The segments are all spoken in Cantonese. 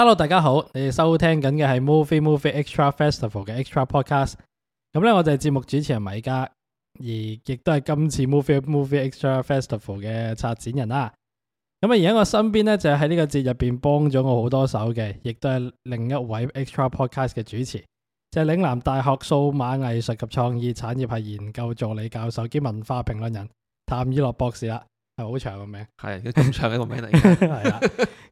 Hello，大家好，你哋收聽緊嘅係 Movie Movie Extra Festival 嘅 Extra Podcast，咁咧、嗯、我就係節目主持人米迦，而亦都係今次 Movie Movie Extra Festival 嘅策展人啦。咁、嗯、啊而家我身邊咧就係喺呢個節入邊幫咗我好多手嘅，亦都係另一位 Extra Podcast 嘅主持，就係、是、嶺南大學數碼藝術及創意產業系研究助理教授兼文化評論人譚以諾博士啦。係好長個名，係，咁長一個名嚟嘅，係啦。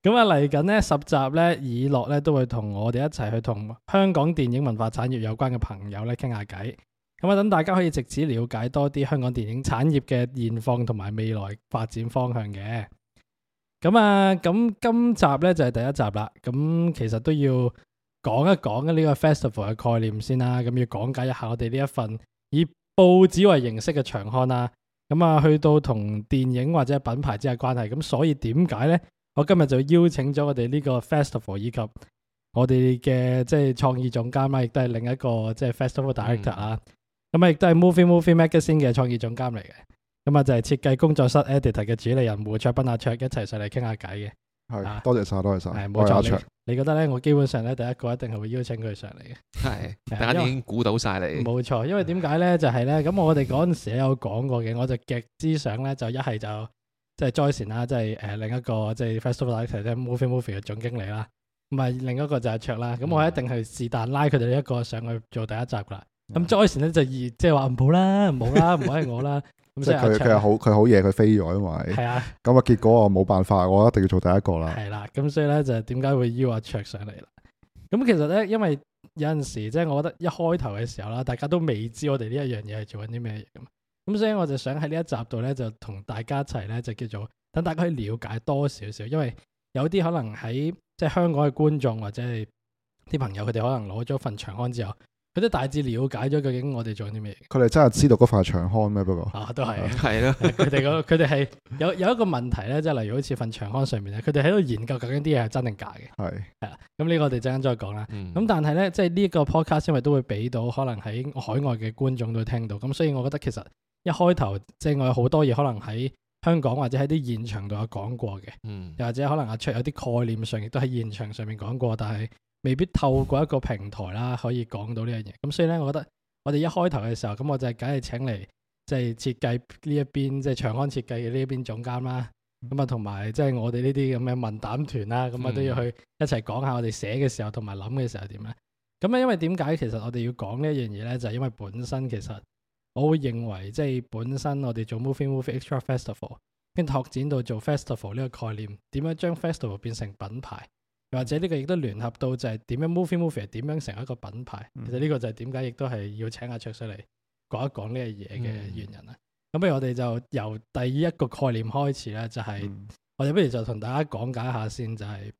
咁啊，嚟緊咧十集咧，以諾咧，都會同我哋一齊去同香港電影文化產業有關嘅朋友咧傾下偈。咁啊、嗯，等大家可以借此了解多啲香港電影產業嘅現況同埋未來發展方向嘅。咁、嗯、啊，咁、嗯、今集咧就係、是、第一集啦。咁、嗯、其實都要講一講呢個 festival 嘅概念先啦。咁、嗯、要講解一下我哋呢一份以報紙為形式嘅長刊啦。咁啊，去到同電影或者品牌之間嘅關係，咁所以點解呢？我今日就邀請咗我哋呢個 Festival 以及我哋嘅即係創意總監啦，亦都係另一個即係、就是、Festival Director 啊、嗯，咁啊亦都係 Movie Movie Magazine 嘅創意總監嚟嘅，咁啊就係、是、設計工作室 Edited 嘅主理人胡卓斌阿、啊、卓一齊上嚟傾下偈嘅。係，多謝晒，多謝晒。係冇錯，你覺得咧？我基本上咧，第一個一定係會邀請佢上嚟嘅。係，大家已經估到晒你。冇錯，因為點解咧？就係、是、咧，咁我哋嗰陣時有講過嘅，我就極之想咧，就一係就即係、就是、Joyce 啦，即係誒另一個即係 Festival Director 咧，即、就、係、是、Movie Movie 嘅總經理啦，唔係另一個就係卓啦。咁我一定係是但拉佢哋一個上去做第一集噶啦。咁、嗯、Joyce 咧就是、二，即係話唔好啦，唔好啦，唔好 可以我啦。即係佢佢好佢好夜佢飛咗，因為係啊，咁啊結果我冇辦法，我一定要做第一個啦。係啦、啊，咁所以咧就點、是、解會邀阿卓上嚟？啦咁其實咧，因為有陣時即係、就是、我覺得一開頭嘅時候啦，大家都未知我哋呢一樣嘢係做緊啲咩嘢咁，咁所以我就想喺呢一集度咧就同大家一齊咧就叫做等大家可以了解多少少，因為有啲可能喺即係香港嘅觀眾或者係啲朋友，佢哋可能攞咗份長安之後。佢都大致了解咗究竟我哋做啲咩？佢哋真係知道嗰塊場刊咩？不過、嗯、啊，都係，係咯的，佢哋佢哋係有有一個問題咧，即係例如好似份場刊上面咧，佢哋喺度研究究竟啲嘢係真定假嘅。係係啊，咁呢個我哋陣間再講啦。咁、嗯、但係咧，即係呢一個 podcast 因為都會俾到可能喺海外嘅觀眾都聽到，咁所以我覺得其實一開頭即係我有好多嘢可能喺香港或者喺啲現場度有講過嘅，嗯，又或者可能阿卓有啲概念上亦都喺現場上面講過，但係，未必透過一個平台啦，可以講到呢樣嘢。咁所以咧，我覺得我哋一開頭嘅時候，咁我就係梗係請嚟即係設計呢一邊，即係長安設計嘅呢一邊總監啦。咁、嗯、啊，同埋即係我哋呢啲咁嘅文膽團啦，咁啊都要去一齊講下我哋寫嘅時候同埋諗嘅時候點咧。咁啊，因為點解其實我哋要講呢一樣嘢咧，就係因為本身其實我會認為，即係本身我哋做 MOViE MOViE Extra Festival，跟拓展到做 Festival 呢個概念，點樣將 Festival 變成品牌？或者呢個亦都聯合到就係點樣 MOViE MOViE，點樣成為一個品牌？嗯、其實呢個就係點解亦都係要請阿卓水嚟講一講呢個嘢嘅原因啊！咁、嗯、不如我哋就由第一個概念開始啦，就係、是、我哋不如就同大家講解一下先，就係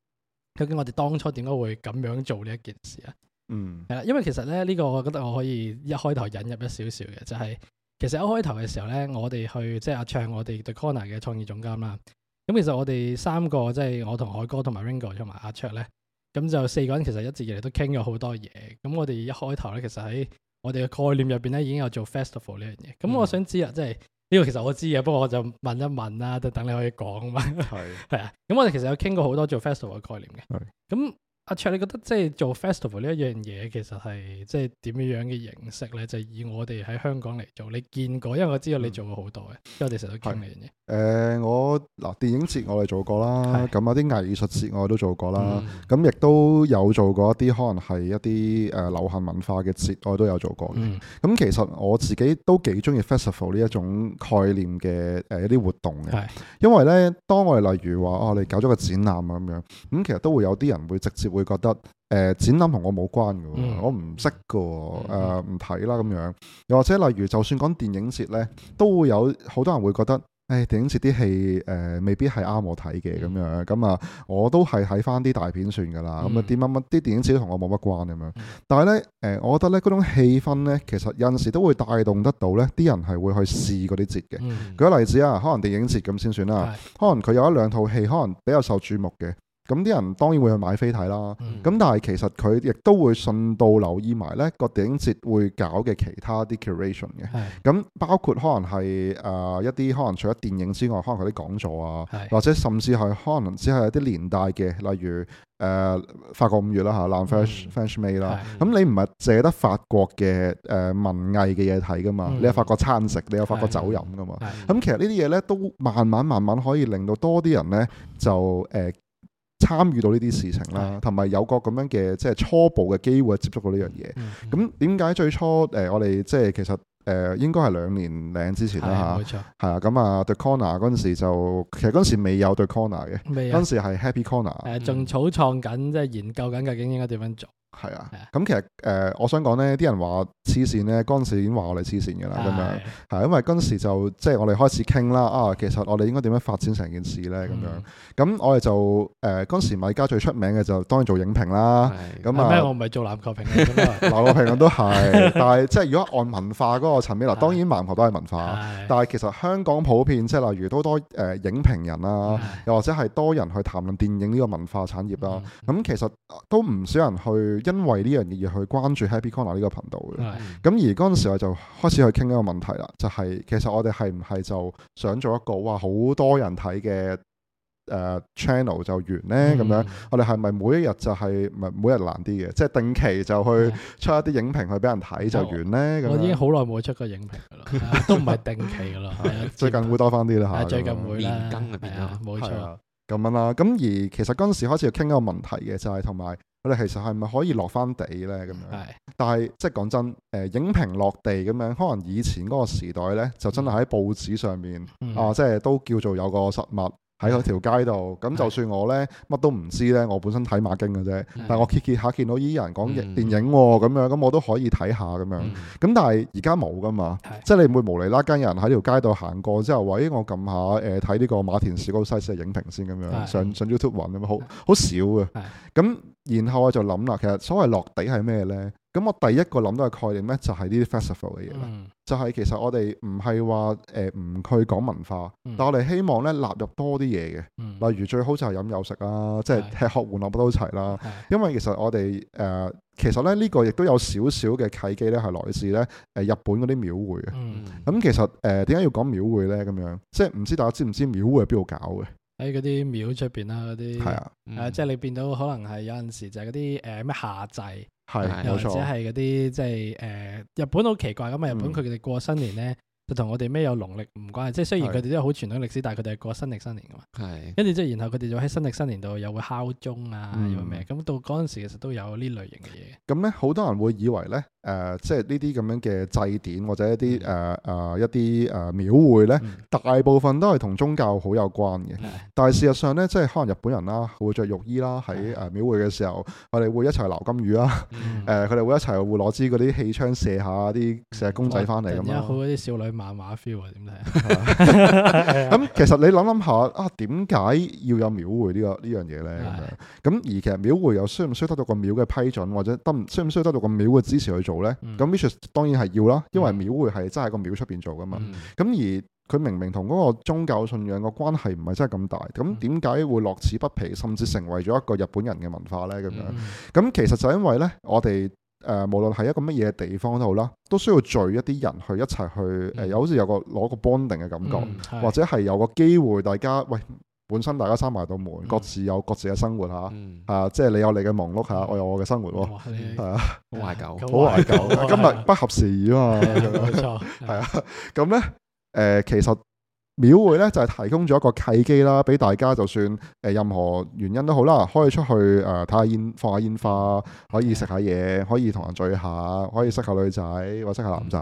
究竟我哋當初點解會咁樣做呢一件事啊？嗯，係啦，因為其實咧呢、這個我覺得我可以一開頭引入一少少嘅，就係、是、其實一開頭嘅時候咧，我哋去即係、就是、阿卓，我哋對 Kongner 嘅創意總監啦。咁其實我哋三個即係、就是、我同海哥同埋 Ringo 同埋阿卓咧，咁就四個人其實一直以嚟都傾咗好多嘢。咁我哋一開頭咧，其實喺我哋嘅概念入邊咧已經有做 festival 呢樣嘢。咁我想知啊，嗯、即係呢、呢個其實我知嘅，不過我就問一問啦，就等你可以講啊嘛。係 是。係啊。咁我哋其實有傾過好多做 festival 嘅概念嘅。係是。咁。阿卓，你覺得即係做 festival 呢一樣嘢，其實係即係點樣樣嘅形式咧？就係、以我哋喺香港嚟做，你見過？因為我知道你做過好多嘅，嗯、因為我哋成日都見呢樣嘢。我嗱電影節我哋做過啦，咁有啲藝術節我都做過啦，咁亦、嗯、都有做過一啲可能係一啲誒、呃、流行文化嘅節，我都有做過嘅。咁、嗯、其實我自己都幾中意 festival 呢一種概念嘅誒、呃、一啲活動嘅，是因為咧當我哋例如話你搞咗個展覽啊咁樣，咁、嗯、其實都會有啲人會直接。會覺得誒展覽同我冇關嘅，嗯、我唔識嘅誒唔睇啦咁樣。又或者例如，就算講電影節咧，都會有好多人會覺得誒、哎、電影節啲戲誒未必係啱我睇嘅咁樣。咁啊，我都係睇返啲大片算噶啦。咁啊，點乜乜啲電影節同我冇乜關咁樣。但係咧誒，我覺得咧嗰種氣氛咧，其實有陣時都會帶動得到咧，啲人係會去試嗰啲節嘅。舉、嗯、個例子啊，可能電影節咁先算啦。嗯、可能佢有一兩套戲，可能比較受注目嘅。咁啲人當然會去買飛睇啦，咁但係其實佢亦都會順道留意埋咧個電影節會搞嘅其他啲 curation 嘅，咁包括可能係誒一啲可能除咗電影之外，可能佢啲講座啊，或者甚至係可能只係一啲年代嘅，例如誒法國五月啦嚇，南法 French May 啦，咁你唔係借得法國嘅誒文藝嘅嘢睇噶嘛？你有法國餐食，你有法國酒飲噶嘛？咁其實呢啲嘢咧都慢慢慢慢可以令到多啲人咧就誒。參與到呢啲事情啦，同埋、嗯、有個咁樣嘅即係初步嘅機會接觸到呢樣嘢。咁點解最初誒、呃、我哋即係其實誒、呃、應該係兩年零之前啦嚇冇錯，係、嗯、啊咁啊 The Kongner 嗰陣時就、嗯、其實嗰陣時未有 The Kongner 嘅，嗰陣、嗯、時係 Happy Kongner 誒仲草創緊即係研究緊究竟應該點樣做。係啊，咁其實誒，我想講咧，啲人話黐線咧，嗰陣時已經話我哋黐線嘅啦，咁樣係，因為嗰陣時就即係我哋開始傾啦，啊，其實我哋應該點樣發展成件事咧，咁樣，咁我哋就誒嗰陣時米家最出名嘅就當然做影評啦，咁啊，咩我唔係做籃球評論咁啊，籃球評論都係，但係即係如果按文化嗰個層面啦，當然籃球都係文化，但係其實香港普遍即係例如都多誒影評人啊，又或者係多人去談論電影呢個文化產業啦，咁其實都唔少人去。因為呢樣嘢而去關注 Happy Corner 呢個頻道嘅，咁的而嗰陣時我就開始去傾一個問題啦，就係、是、其實我哋係唔係就想做一個話好多人睇嘅誒 channel 就完咧咁、嗯、樣？我哋係咪每一日就係唔係每日難啲嘅？即、就、係、是、定期就去出一啲影評去俾人睇就完咧？咁我已經好耐冇出過影評啦、 啊，都唔係定期噶啦。啊、最近會多翻啲啦吓，最近會啦，係啊，冇錯。咁樣啦，咁的而其實嗰陣時開始去傾一個問題嘅，就係同埋。其實係咪可以落翻地咧咁樣？係，但係即係講真，誒影評落地咁樣，可能以前嗰個時代咧，就真係喺報紙上面啊，即係都叫做有個實物喺嗰條街度。咁就算我咧乜都唔知咧，我本身睇馬經嘅啫，但係我揭揭下見到依啲人講影電影咁樣，咁我都可以睇下咁樣。咁但係而家冇噶嘛，即係你唔會無厘啦更人喺條街度行過之後，喂，我撳下誒睇呢個馬田史高西斯影評先咁樣，上上 YouTube 揾咁樣，好好少嘅。咁然後我就諗啦，其實所謂落地係咩咧？咁我第一個諗到嘅概念咧，就係、呢、啲 festival 嘅嘢啦。嗯、就係其實我哋唔係話誒唔去講文化，嗯、但我哋希望咧納入多啲嘢嘅。嗯、例如最好就係飲飲食啦，嗯、即係吃喝玩樂都齊啦。嗯、因為其實我哋誒、呃、其實咧呢、這個亦都有少少嘅契機咧，係來自咧誒、呃、日本嗰啲廟會嘅。咁、嗯、其實誒點解要講廟會咧？咁樣即係唔知大家知唔知廟會喺邊度搞嘅？喺嗰啲廟出面啦，嗰啲、啊嗯啊，即係你變到可能係有陣時就係嗰啲誒咩夏祭，又是或者係嗰啲即係日本好奇怪咁啊！日本佢哋過新年呢。嗯就同我哋咩有農曆唔關係，即係雖然佢哋都係好傳統歷史，但係佢哋係過新曆新年噶嘛。係是，跟住即係然後佢哋就喺新曆新年度又會敲鐘啊，嗯、又咩咁到嗰陣時其實都有呢類型嘅嘢。咁咧好多人會以為咧，誒、呃，即係呢啲咁樣嘅祭典或者一啲誒誒一啲誒廟會咧、嗯呃，大部分都係同宗教好有關嘅。嗯、但係事實上咧，即係可能日本人啦、啊、會着浴衣啦，喺誒廟會嘅時候，我、呃、哋、呃呃嗯、會一齊撈金魚啦，誒、啊，佢哋會一齊會攞支嗰啲氣槍射下啲射公仔翻嚟咁咯。而啲少女。嗯啊漫畫 feel 啊？點睇？咁其實你諗諗下啊，點解要有廟會、這個、呢個呢樣嘢咧？咁的而其實廟會又需唔需要得到個廟嘅批准，或者得需唔需要得到個廟嘅支持去做咧？咁咪、嗯 er、當然係要啦，因為廟會係真係個廟出邊做噶嘛。咁、嗯、而佢明明同嗰個宗教信仰個關係唔係真係咁大，咁點解會樂此不疲，甚至成為咗一個日本人嘅文化咧？咁樣咁其實就因為咧，我哋。誒，無論係一個乜嘢地方都好啦，都需要聚一啲人去一齊去，誒，又好似有個攞個 bonding 嘅感覺，或者係有個機會，大家喂，本身大家閂埋到門，各自有各自嘅生活吓，啊，即係你有你嘅忙碌下我有我嘅生活咯，係啊，好懷舊，好懷舊，今日不合時宜啊嘛，冇錯，係啊，咁咧，誒，其實。廟會咧就係、是、提供咗一個契機啦，俾大家就算誒、呃、任何原因都好啦，可以出去誒睇下煙，放下煙花，可以食下嘢，可以同人聚下，可以識下女仔或者識下男仔，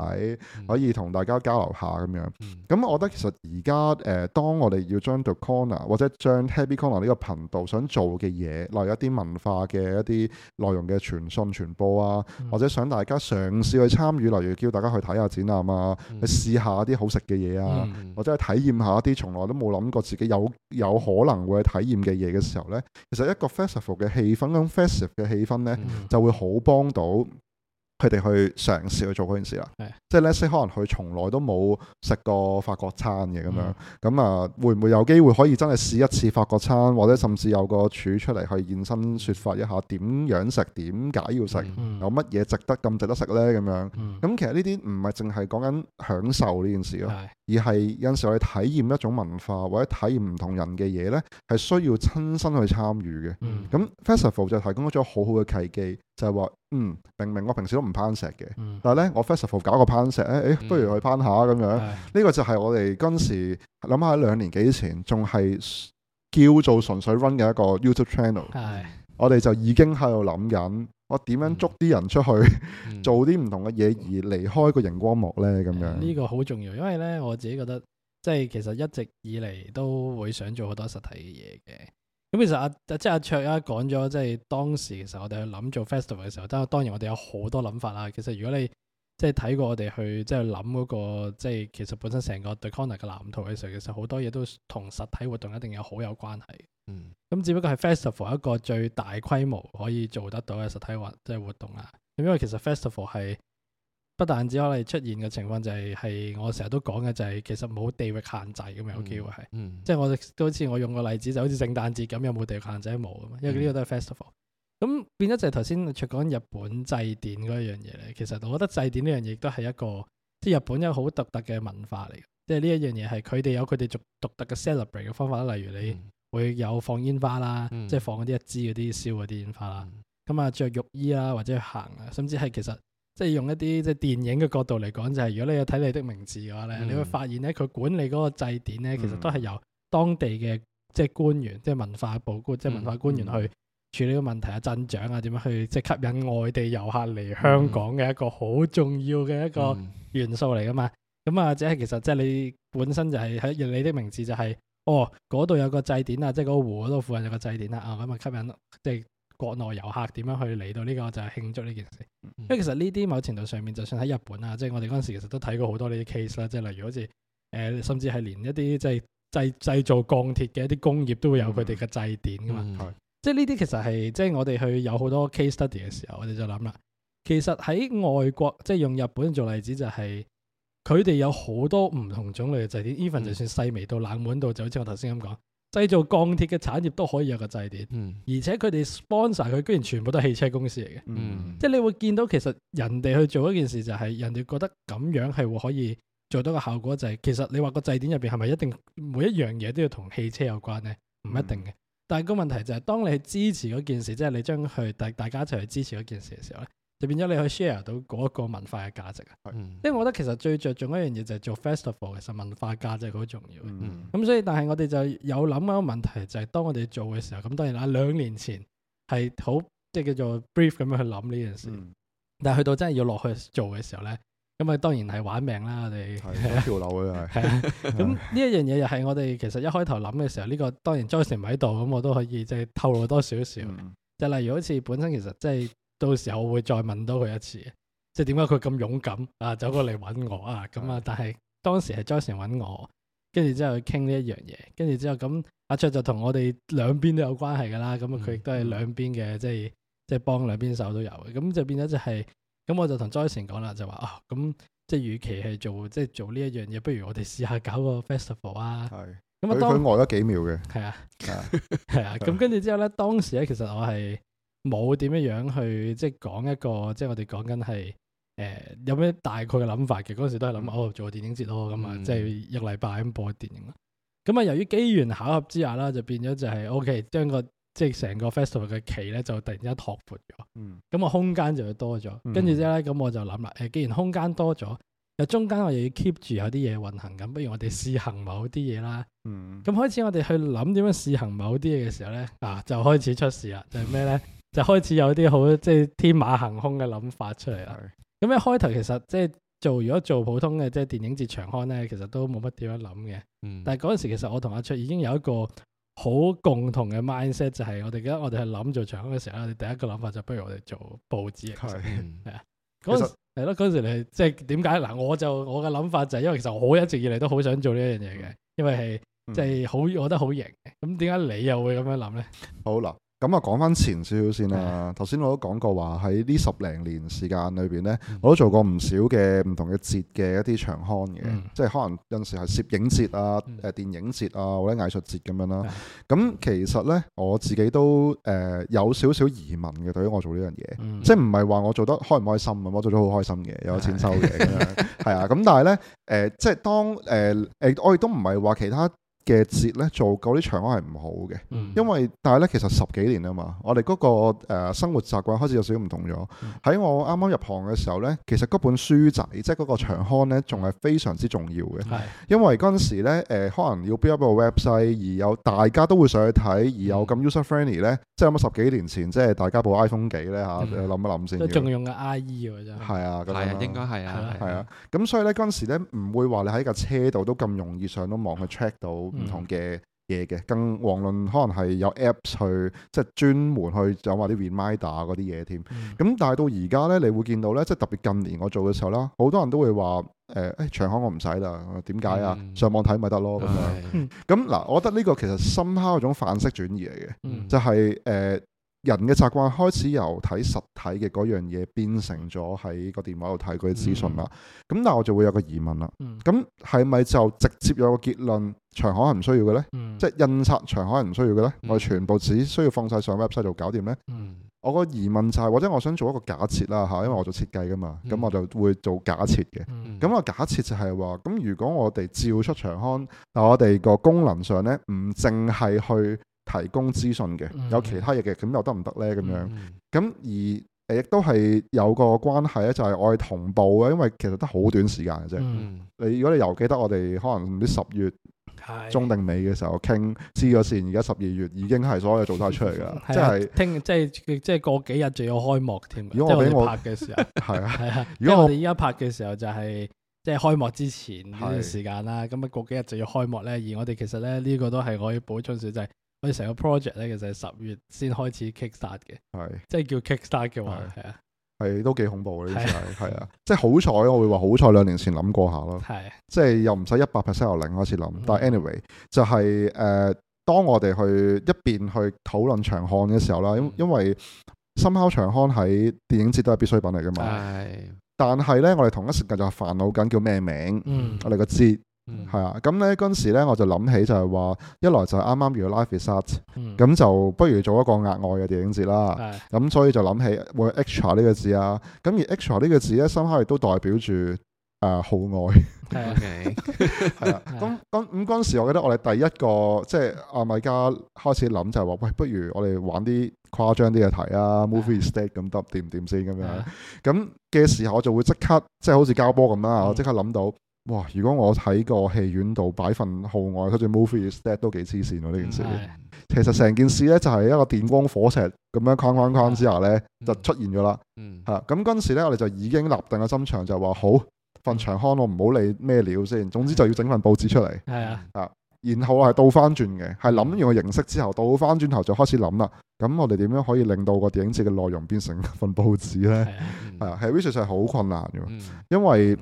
嗯、可以同大家交流下咁樣。咁、嗯、我覺得其實而家誒，當我哋要將 The Kongner 或者將 Happy Kongner 呢個頻道想做嘅嘢，例如一啲文化嘅一啲內容嘅傳信傳播啊，嗯、或者想大家嘗試去參與，例如叫大家去睇下展覽啊，嗯嗯、去試下啲好食嘅嘢啊，或者去睇。體驗下一啲從來都冇諗過自己有有可能會去體驗嘅嘢嘅時候咧，其實一個 festival 嘅氣氛，嗰、那個、festival 嘅氣氛咧，嗯、就會好幫到。佢哋去嘗試去做嗰件事啦，的即係咧，即可能佢從來都冇食過法國餐嘅咁樣，咁、嗯、啊，會唔會有機會可以真係試一次法國餐，或者甚至有個廚出嚟去現身説法一下點樣食，點解要食，嗯嗯有乜嘢值得咁值得食咧？咁樣咁、嗯、其實呢啲唔係淨係講緊享受呢件事咯，嗯、而係有陣時我哋體驗一種文化或者體驗唔同人嘅嘢咧，係需要親身去參與嘅。咁 Festival、嗯、就提供咗好好嘅契機。就係話嗯，明明我平時都唔攀石嘅，嗯、但係咧我 Festival 搞個攀石，誒、哎，不、嗯、如去攀下咁樣。呢、嗯、個就係我哋嗰陣時諗下、嗯、兩年幾前，仲係叫做純粹 run 嘅一個 YouTube channel、嗯。我哋就已經喺度諗緊，我點樣捉啲人出去、嗯、 做啲唔同嘅嘢，而離開個熒光幕咧咁樣。呢、嗯這個好重要，因為咧我自己覺得，即係其實一直以嚟都會想做好多實體嘅嘢嘅。咁其實阿即係阿卓啊講咗，即係、啊、當時其實我哋去諗做 festival 嘅時候，當當然我哋有好多諗法啊。其實如果你即係睇過我哋去即係諗嗰個，即係其實本身成個 THE KONGNER 嘅藍圖嘅時候，其實好多嘢都同實體活動一定有好有關係。嗯，咁只不過係 festival 一個最大規模可以做得到嘅實體活即係活動啊。咁因為其實 festival 係。不但止可能出現嘅情況就係、係、係我成日都講嘅、就係，就係其實冇地域限制咁樣有機會係，嗯嗯、即係我都好似我用個例子，就好似聖誕節咁，有冇地域限制？冇啊嘛，因為呢個都係 festival。咁、嗯、變咗就係頭先卓講日本祭典嗰一樣嘢咧，其實我覺得祭典呢樣嘢都係一個，即係日本有好獨特嘅文化嚟嘅，即係呢一樣嘢係佢哋有佢哋獨獨特嘅 celebrate 嘅方法啦，例如你會有放煙花啦，嗯、即係放嗰啲一支嗰啲燒嗰啲煙花啦，咁啊着浴衣啊或者行啊，甚至係其實。即係用一啲即係電影嘅角度嚟講，就係、是、如果你有睇你的名字嘅話咧，嗯、你會發現咧，佢管理嗰個祭典咧，其實都係由當地嘅即係官員，即係文化部官，嗯、即係文化官員去處理個問題，增長啊、鎮長啊點樣去，即係吸引外地遊客嚟香港嘅一個好重要嘅一個元素嚟㗎嘛。咁、嗯嗯、啊，或者係其實即係你本身就係、是、喺《你的名字、就是》就係哦，嗰度有個祭典啊，即係嗰個湖嗰度附近有個祭典啦啊，咁、哦、啊吸引佢哋。即國內遊客點樣去嚟到呢、這個就係慶祝呢件事，因為、嗯、其實呢啲某程度上面，就算喺日本啊，即係我哋嗰陣時其實都睇過好多呢啲 case 啦，即係例如好似誒，甚至係連一啲即係製製造鋼鐵嘅一啲工業都會有佢哋嘅祭典㗎嘛，即係呢啲其實係即係我哋去有好多 case study 嘅時候，我哋就諗啦，其實喺外國，即係用日本做例子、就是，就係佢哋有好多唔同種類嘅祭典，even、嗯、就算細微到冷門到，就好似我頭先咁講。製造鋼鐵嘅產業都可以有個祭典，嗯，而且佢哋 sponsor 佢，居然全部都係汽車公司嚟嘅，嗯，即係你會見到其實人哋去做一件事就係人哋覺得咁樣係會可以做到個效果就係，其實你話個祭典入邊係咪一定每一樣嘢都要同汽車有關呢？唔一定嘅，嗯、但係個問題就係當你支持嗰件事，即係你將去大大家一齊去支持嗰件事嘅時候咧。就變咗你去 share 到嗰個文化嘅價值啊！因為是我覺得其實最着重一樣嘢就係做 festival，其實文化價值好重要。咁、嗯嗯、所以但係我哋就有諗一個問題，就係、是、當我哋做嘅時候，咁當然啦，兩年前係好即係叫做 brief 咁樣去諗呢件事，嗯、但係去到真係要落去做嘅時候咧，咁啊當然係玩命啦！我哋是 一跳樓㗎啦！咁呢一樣嘢又係我哋其實一開頭諗嘅時候，呢、這個當然 Joyce 唔喺度，咁我都可以即係、就是、透露多少少，就、嗯、例如好似本身其實即、就、係、是。到時候會再問多佢一次，即係點解佢咁勇敢啊，走過嚟揾我啊咁 啊！但係當時係 Joyce 揾我，跟住之後去傾呢一樣嘢，跟住之後咁阿卓就同我哋兩邊都有關係㗎啦。咁啊，佢亦都係兩邊嘅，嗯、即係即係幫兩邊手都有嘅。咁就變咗就係、是、咁，我就同 Joyce 講啦，就話啊咁，即係與其係做即係做呢一樣嘢，不如我哋試下搞個 festival 啊。係。咁啊，當佢呆咗幾秒嘅。係啊。係啊。咁跟住之後咧，當時咧其實我係。冇點樣樣去即係講一個，即係我哋講緊係誒有咩大概嘅諗法嘅嗰陣時都，都係諗哦做電影節咯，咁啊，即係一個禮拜咁播電影啦。咁啊、嗯導言，由於機緣巧合之下啦，就變咗就係 O K，將個即係成個 festival 嘅期咧就突然間拓闊咗。咁啊、嗯，空間就會多咗。跟住之後咧，咁我就諗啦，誒，既然空間多咗，又中間我又要 keep 住有啲嘢運行緊，不如我哋試行某啲嘢啦。咁、嗯、開始我哋去諗點樣試行某啲嘢嘅時候咧，啊，就開始出事啦，就係咩咧？就開始有啲好即係天馬行空嘅諗法出嚟啦。咁是一開頭其實即係做如果做普通嘅即係電影節長刊咧，其實都冇乜點樣諗嘅。嗯、但係嗰陣時其實我同阿卓已經有一個好共同嘅 mindset，就係我哋而家我哋係諗做長刊嘅時候咧，我哋第一個諗法就不如我哋做報紙。係是。啊是。嗰陣係時係即係點解嗱？我就我嘅諗法就係因為其實我一直以嚟都好想做呢一樣嘢嘅，嗯、因為係即係好我覺得好型嘅。咁點解你又會咁樣諗咧？好諗。咁啊，講翻前少少先啦。頭先的我都講過話，喺呢十零年時間裏邊咧，嗯、我都做過唔少嘅唔同嘅節嘅一啲場刊嘅，嗯、即係可能有陣時係攝影節啊、誒、嗯、電影節啊或者藝術節咁樣啦。咁的其實咧，我自己都誒有少少疑問嘅，對於我做呢樣嘢，嗯、即係唔係話我做得開唔開心啊？我做得好開心嘅，有錢收嘅，係啊的。咁 但係咧，誒、呃、即係當誒誒、呃呃呃呃，我亦都唔係話其他。嘅節咧做夠啲場刊係唔好嘅，因為但係咧，其實十幾年啊嘛，我哋嗰個生活習慣開始有少少唔同咗。喺我啱啱入行嘅時候咧，其實嗰本書仔，即係嗰個場刊咧，仲係非常之重要嘅。係因為嗰陣時咧誒，可能要 build 一個 website，而有大家都會上去睇，而有咁 user friendly 咧，即係有冇十幾年前，即係大家部 iPhone 幾咧嚇，諗一諗先。仲用嘅 IE 喎，真係。係啊，係啊，應該係啊，係啊。咁所以咧，嗰陣時咧唔會話你喺架車度都咁容易上到網去 check 到。唔、mm hmm. 同嘅嘢嘅，更遑論可能係有 Apps 去即係、就是、專門去有話啲 reminder 嗰啲嘢添。咁、mm hmm. 但係到而家咧，你會見到咧，即係特別近年我做嘅時候啦，好多人都會話：誒，誒，場刊我唔使啦，點解啊？Mm hmm. 上網睇咪得咯咁樣。咁嗱，我覺得呢個其實深刻嗰種範式轉移嚟嘅，就係、是、誒、呃、人嘅習慣開始由睇實體嘅嗰樣嘢變成咗喺個電話度睇嗰啲資訊啦。咁、mm hmm. 但係我就會有個疑問啦，咁係咪就直接有個結論？長刊係唔需要嘅咧，嗯、即係印刷長刊係唔需要嘅咧，嗯、我哋全部只需要放晒上 website 度搞掂咧。嗯、我個疑問就係、是，或者我想做一個假設啦嚇，因為我做設計噶嘛，咁、嗯、我就會做假設嘅。咁、嗯、我假設就係話，咁如果我哋照出長刊，但我哋個功能上咧，唔淨係去提供資訊嘅，嗯、有其他嘢嘅，咁又得唔得咧？咁樣咁、嗯嗯、而誒亦都係有個關係咧，就係我哋同步嘅，因為其實得好短時間嘅啫。你、嗯嗯、如果你又記得我哋可能唔知十月，中定尾嘅時候傾知咗綫，而家十二月已經係所有做晒出嚟啦的是，即係聽即係即係過幾日就要開幕添。如果我俾我拍嘅時候，係啊，係啊。如果我哋依家拍嘅時候就係即係開幕之前嗰段時間啦。咁啊過幾日就要開幕咧。而我哋其實咧呢、這個都係可以補充少，就係、是、我哋成個 project 咧其實係十月先開始 kick start 嘅，的即係叫 kick start 嘅話係啊。的係都幾恐怖嘅，呢次係，係啊， 即係好彩我會話好彩兩年前諗過下咯，係是，即係又唔使一百 percent 由零開始諗，但係 anyway、嗯、就係、是、誒、呃，當我哋去一邊去討論長康嘅時候啦，因為、嗯、因為深烤長康喺電影節都係必需品嚟嘅嘛，係是，但係咧我哋同一時間就煩惱緊叫咩名，嗯，我哋個節。嗯，係啊，咁咧嗰陣時咧，我就諗起就係話，一來就係啱啱完 Life is Art，咁、嗯、就不如做一個額外嘅電影節啦。咁的、嗯、所以就諗起會 extra 呢個字啊。咁而 extra 呢個字咧，深刻亦都代表住誒、呃、好愛。係 啊，咁咁咁嗰陣時，我記得我哋第一個即係、就是、阿米迦開始諗就係話，喂，不如我哋玩啲誇張啲嘅題啊，啊，Movie is Dead 咁得掂唔掂先咁樣。咁嘅、啊嗯、時候，我就會即刻即係、就是、好似交波咁啦，我即刻諗到。嗯哇！如果我喺個戲院度擺份號外，跟住 movie stack 都幾黐線喎呢件事。嗯、其實成件事咧、嗯、就係一個電光火石咁樣框框框之下咧，嗯、就出現咗啦。嗯，吓咁嗰時咧，我哋就已經立定個心腸，就話好份場刊我唔好理咩料先，總之就要整份報紙出嚟。係啊、嗯，啊的、嗯，然後我係倒翻轉嘅，係諗完個形式之後，倒翻轉頭就開始諗啦。咁我哋點樣可以令到個電影節嘅內容變成一份報紙咧？係啊、嗯，係 research 係好困難嘅、嗯，因為。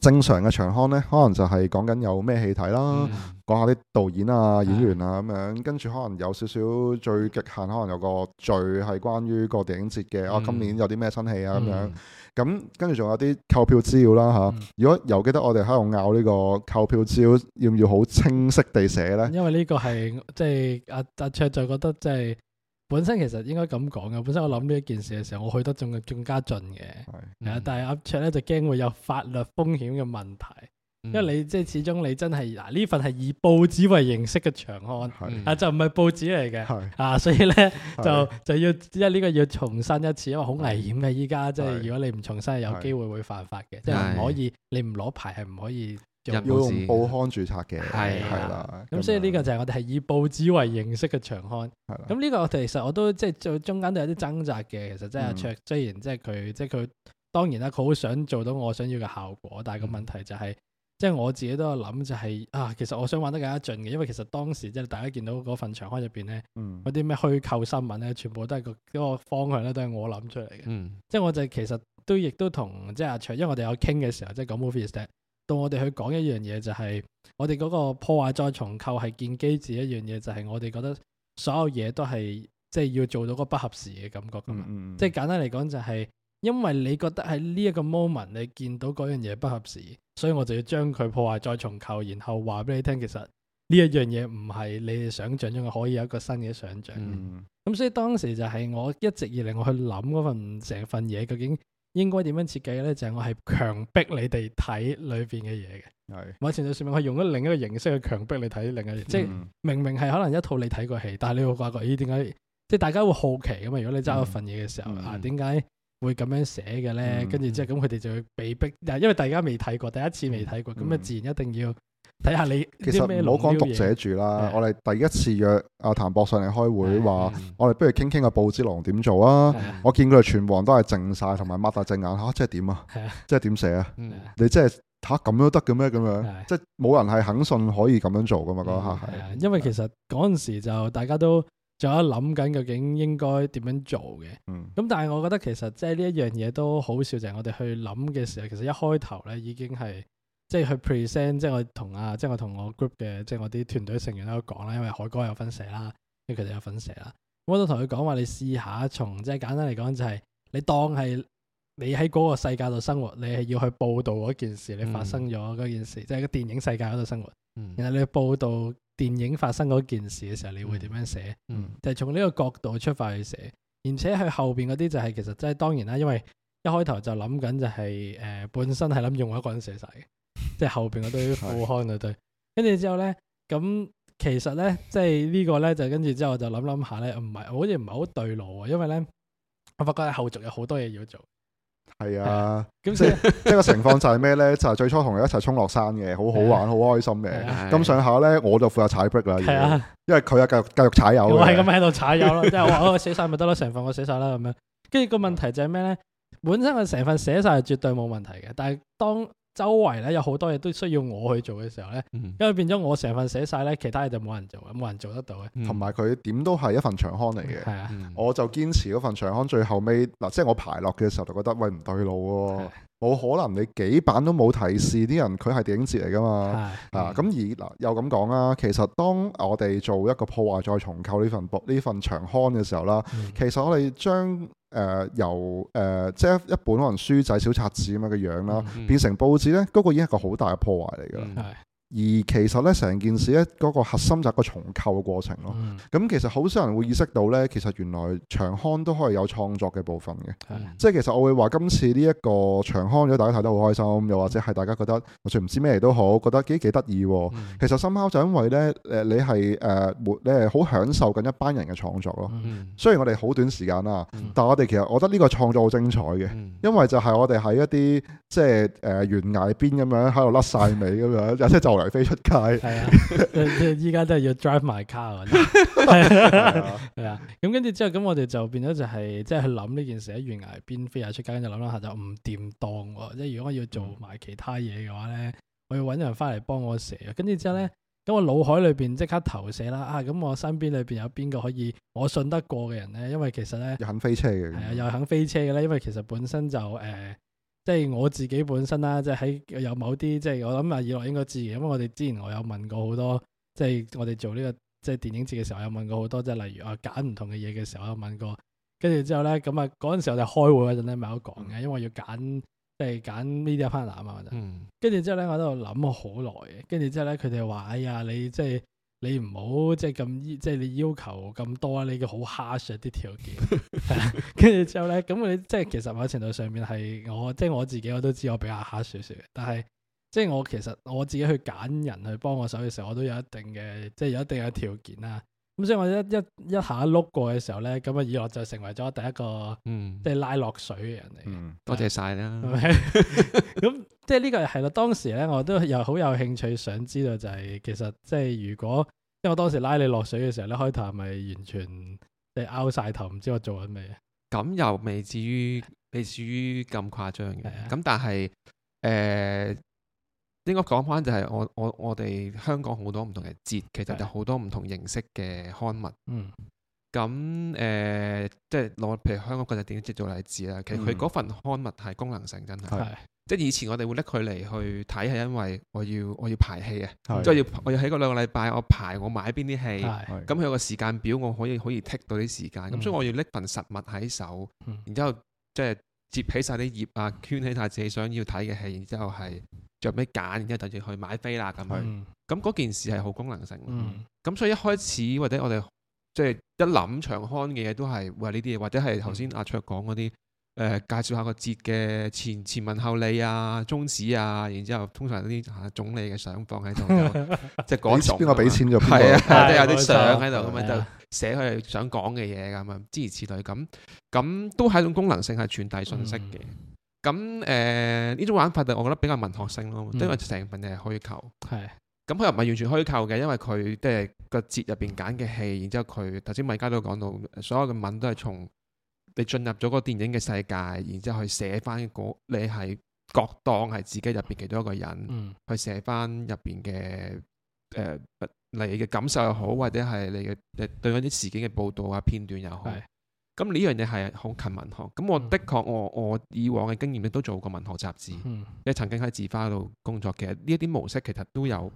正常嘅長腔咧，可能就係講緊有咩戲睇啦，嗯、講下啲導演啊、演員啊咁、嗯、樣，跟住可能有少少最極限，可能有個最係關於個電影節嘅。啊，今年有啲咩新戲啊咁、嗯嗯、樣。咁跟住仲有啲購票資料啦嚇。嗯、如果又記得我哋喺度拗呢個購票資料，要唔要好清晰地寫咧？因為呢個係即係阿阿卓就覺得即係。本身其實應該咁講嘅，本身我諗呢一件事嘅時候，我去得仲更加盡嘅、嗯啊。但係阿卓咧就驚會有法律風險嘅問題，嗯、因為你即係始終你真係嗱呢份係以報紙為形式嘅場刊，是啊就唔係報紙嚟嘅，是啊所以咧是就就要即係呢個要重申一次，因為好危險嘅依家，是是即係如果你唔重申，係有機會會犯法嘅，即係唔可以，你唔攞牌係唔可以。要用報刊註冊嘅，係啦。咁所以呢個就係我哋係以報紙為形式嘅場刊。係啦、啊。咁呢個我其實我都即係、就是、中間都有啲掙扎嘅。其實即係阿卓，嗯、雖然即係佢即係佢當然啦，佢好想做到我想要嘅效果，但係個問題就係即係我自己都有諗、就是，就係啊，其實我想玩得更加盡嘅。因為其實當時即係大家見到嗰份場刊入邊咧，嗰啲咩虛構新聞咧，全部都係、那個嗰、那個方向咧，都係、嗯嗯、我諗出嚟嘅。即係我就其實都亦都同即係阿卓，因為我哋有傾嘅時候，即、就、係、是、講 movie is dead。到我哋去講一樣嘢就係，我哋嗰個破壞再重構係建基喺一樣嘢，就係我哋覺得所有嘢都係，即係要做到個不合時嘅感覺噶嘛。嗯嗯、即係簡單嚟講就係，因為你覺得喺呢一個 moment 你見到嗰樣嘢不合時，所以我就要將佢破壞再重構，然後話俾你聽，其實呢一樣嘢唔係你哋想象中嘅，可以有一個新嘅想象。咁、嗯、所以當時就係我一直以嚟我去諗嗰份成份嘢究竟。應該點樣設計呢？就係、是、我係強迫你哋睇裏邊嘅嘢嘅。係是，某就度明，我用咗另一個形式去強迫你睇另一個，嗯、即係明明係可能一套你睇過戲，但係你會掛覺得，咦、欸？點解？即係大家會好奇咁啊？如果你揸一份嘢嘅時候、嗯、啊，點解會咁樣寫嘅呢？嗯、跟住之後咁，佢哋就會被逼，因為大家未睇過，第一次未睇過，咁啊，自然一定要。睇下你其實唔好講讀寫住啦，我哋第一次約阿譚博上嚟開會，話我哋不如傾傾個報紙郎點做啊！我見佢哋全黃都係靜晒，同埋擘大隻眼，吓，即係點啊？即係點寫啊？你即係吓咁都得嘅咩？咁樣即係冇人係肯信可以咁樣做噶嘛？嗰刻係，因為其實嗰陣時就大家都仲有諗緊究竟應該點樣做嘅。咁但係我覺得其實即係呢一樣嘢都好笑，就係我哋去諗嘅時候，其實一開頭咧已經係。即係去 present，即係我同阿、啊、即係我同我 group 嘅，即係我啲團隊成員喺度講啦。因為海哥有份寫啦，跟住佢哋有份寫啦。我都同佢講話，你試下從即係簡單嚟講、就是，就係你當係你喺嗰個世界度生活，你係要去報導嗰件事，你發生咗嗰件事，嗯、即係個電影世界嗰度生活。嗯、然後你去報導電影發生嗰件事嘅時候，你會點樣寫？嗯嗯、就係從呢個角度出發去寫，而且佢後邊嗰啲就係、是、其實即係當然啦，因為一開頭就諗緊就係、是、誒、呃、本身係諗用一個人寫晒。嘅。即係後邊嗰堆富康嗰堆，跟住之後咧，咁其實咧，即係呢個咧，就跟住之後我就諗諗下咧，唔係，我好似唔係好對路啊，因為咧，我發覺係後續有好多嘢要做。係啊，咁所以個情況就係咩咧？就係、是、最初同你一齊衝落山嘅，好好玩，好、啊、開心嘅。咁、啊、上下咧，我就負責踩 break 啦。係啊，因為佢又繼繼續踩油、啊、油。 我係咁樣喺度踩油咯，即係我寫晒咪得咯，成份我寫晒啦咁樣。跟住個問題就係咩咧？ 本身我成份寫晒係絕對冇問題嘅，但係當周圍咧，有好多嘢都需要我去做嘅時候咧，嗯、因為變咗我成份寫晒咧，其他嘢就冇人做，冇人做得到嘅。同埋佢點都係一份場刊嚟嘅，嗯啊嗯、我就堅持嗰份場刊，最後尾嗱，即、啊、係、就是、我排落嘅時候就覺得喂，唔對路喎、啊。冇可能你幾版都冇提示啲人，佢係電影節嚟噶嘛？係啊，咁而嗱又咁講啦，其實當我哋做一個破壞再重構呢份報呢份長刊嘅時候啦，嗯、其實我哋將誒、呃、由誒、呃、即係一,一本可能書仔小冊子咁樣嘅樣啦，嗯、哼變成報紙咧，嗰、那個已經係個好大嘅破壞嚟噶啦。嗯而其實咧，成件事咧，嗰個核心就係個重構嘅過程咯。咁、嗯、其實好少人會意識到咧，其實原來場刊都可以有創作嘅部分嘅。嗯、即係其實我會話今次呢一個場刊，如果大家睇得好開心，又或者係大家覺得我算唔知咩嚟都好，覺得幾幾得意。嗯、其實深刻就因為咧，誒你係誒你係好、呃、享受緊一班人嘅創作咯。嗯、雖然我哋好短時間啦，嗯、但我哋其實我覺得呢個創作好精彩嘅，嗯、因為就係我哋喺一啲即係誒懸崖邊咁樣喺度甩晒尾咁樣，有就。飛出街係啊！依家真係要 drive my car。係 啊，係啊。咁跟住之後，咁我哋就變咗就係即係去諗呢件事喺懸崖邊飛下出街，跟住諗諗下就唔掂當喎。即係如果我要做埋其他嘢嘅話咧，我要揾人翻嚟幫我寫。跟住之後咧，咁我腦海裏邊即刻投射啦。啊，咁我身邊裏邊有邊個可以我信得過嘅人咧？因為其實咧，又肯飛車嘅，係啊，又肯飛車嘅咧。因為其實本身就誒。呃即係我自己本身啦，即係喺有某啲即係我諗啊，以後應該知，因為我哋之前我有問過好多，即係我哋做呢、這個即係電影節嘅時候，有問過好多，即係例如我揀唔同嘅嘢嘅時候，有問過，跟住之後咧，咁啊嗰陣時候我哋開會嗰陣咧，咪有講嘅，因為要揀、嗯、即係揀呢啲 media partner 啊嘛，跟住、嗯、之後咧，我喺度諗咗好耐嘅，跟住之後咧，佢哋話哎呀你即係。你唔好即係咁，即係咁即係，要求咁多啊！你嘅好 harsh 嘅啲條件，跟住之後呢，咁我即係其實某程度上面係我，即，即係，我自己我都知道我比較 harsh 少少但係即，即係，我其實我自己去揀人去幫我手嘅時候，我都有一定嘅，即，即係，有一定嘅條件啦。咁所以我一一一下碌過嘅時候咧，咁啊，而我就成為咗第一個即係拉落水嘅人嚟。嗯，多謝晒啦。咁即係呢個係啦。當時咧，我都又好有興趣想知道、就是，就係其實即係如果，因為我當時拉你落水嘅時候咧，開頭係咪完全即係拗晒頭，唔知我做緊咩？咁又未至於未至於咁誇張嘅。咁但係誒。應該講翻就係我我我哋香港好多唔同嘅節，其實就好多唔同形式嘅刊物。嗯的，咁誒、呃，即係攞譬如香港劇院電影節做例子啦。其實佢嗰份刊物係功能性真係，的即係以前我哋會拎佢嚟去睇，係因為我要我要排戲啊，即係要我要喺嗰兩個禮拜我排我買邊啲戲，咁佢的有個時間表，我可以可以剔到啲時間。咁的所以我要拎份實物喺手，的然之後即係摺起晒啲頁啊，圈起晒自己想要睇嘅戲，然之後係。着咩揀，然之後等住去買飛啦咁樣。咁嗰、嗯、件事係好功能性。咁、嗯、所以一開始或者我哋即係一諗長刊嘅嘢都係話呢啲嘢，或者係頭先阿卓講嗰啲誒介紹下個節嘅前前文後理啊、宗旨啊，然之後通常嗰啲啊總理嘅相放喺度，即係講邊個俾錢咗？係啊，即係 有啲相喺度咁樣就寫佢哋想講嘅嘢咁啊，諸如此類咁，咁都係一種功能性係傳遞信息嘅。嗯咁誒呢種玩法就我覺得比較文學性咯，嗯、因為成份嘅係虛構。係的。咁佢又唔係完全虛構嘅，因為佢即係個節入邊揀嘅戲，然之後佢頭先米迦都講到，所有嘅文都係從你進入咗個電影嘅世界，然之後去寫翻嗰、那個、你係各當係自己入邊其中一個人，的去寫翻入邊嘅誒你嘅感受又好，或者係你嘅對嗰啲事件嘅報導啊片段又好。咁呢樣嘢係好近文學，咁我的確我我以往嘅經驗咧都做過文學雜誌，亦、嗯、曾經喺字花度工作嘅，呢一啲模式其實都有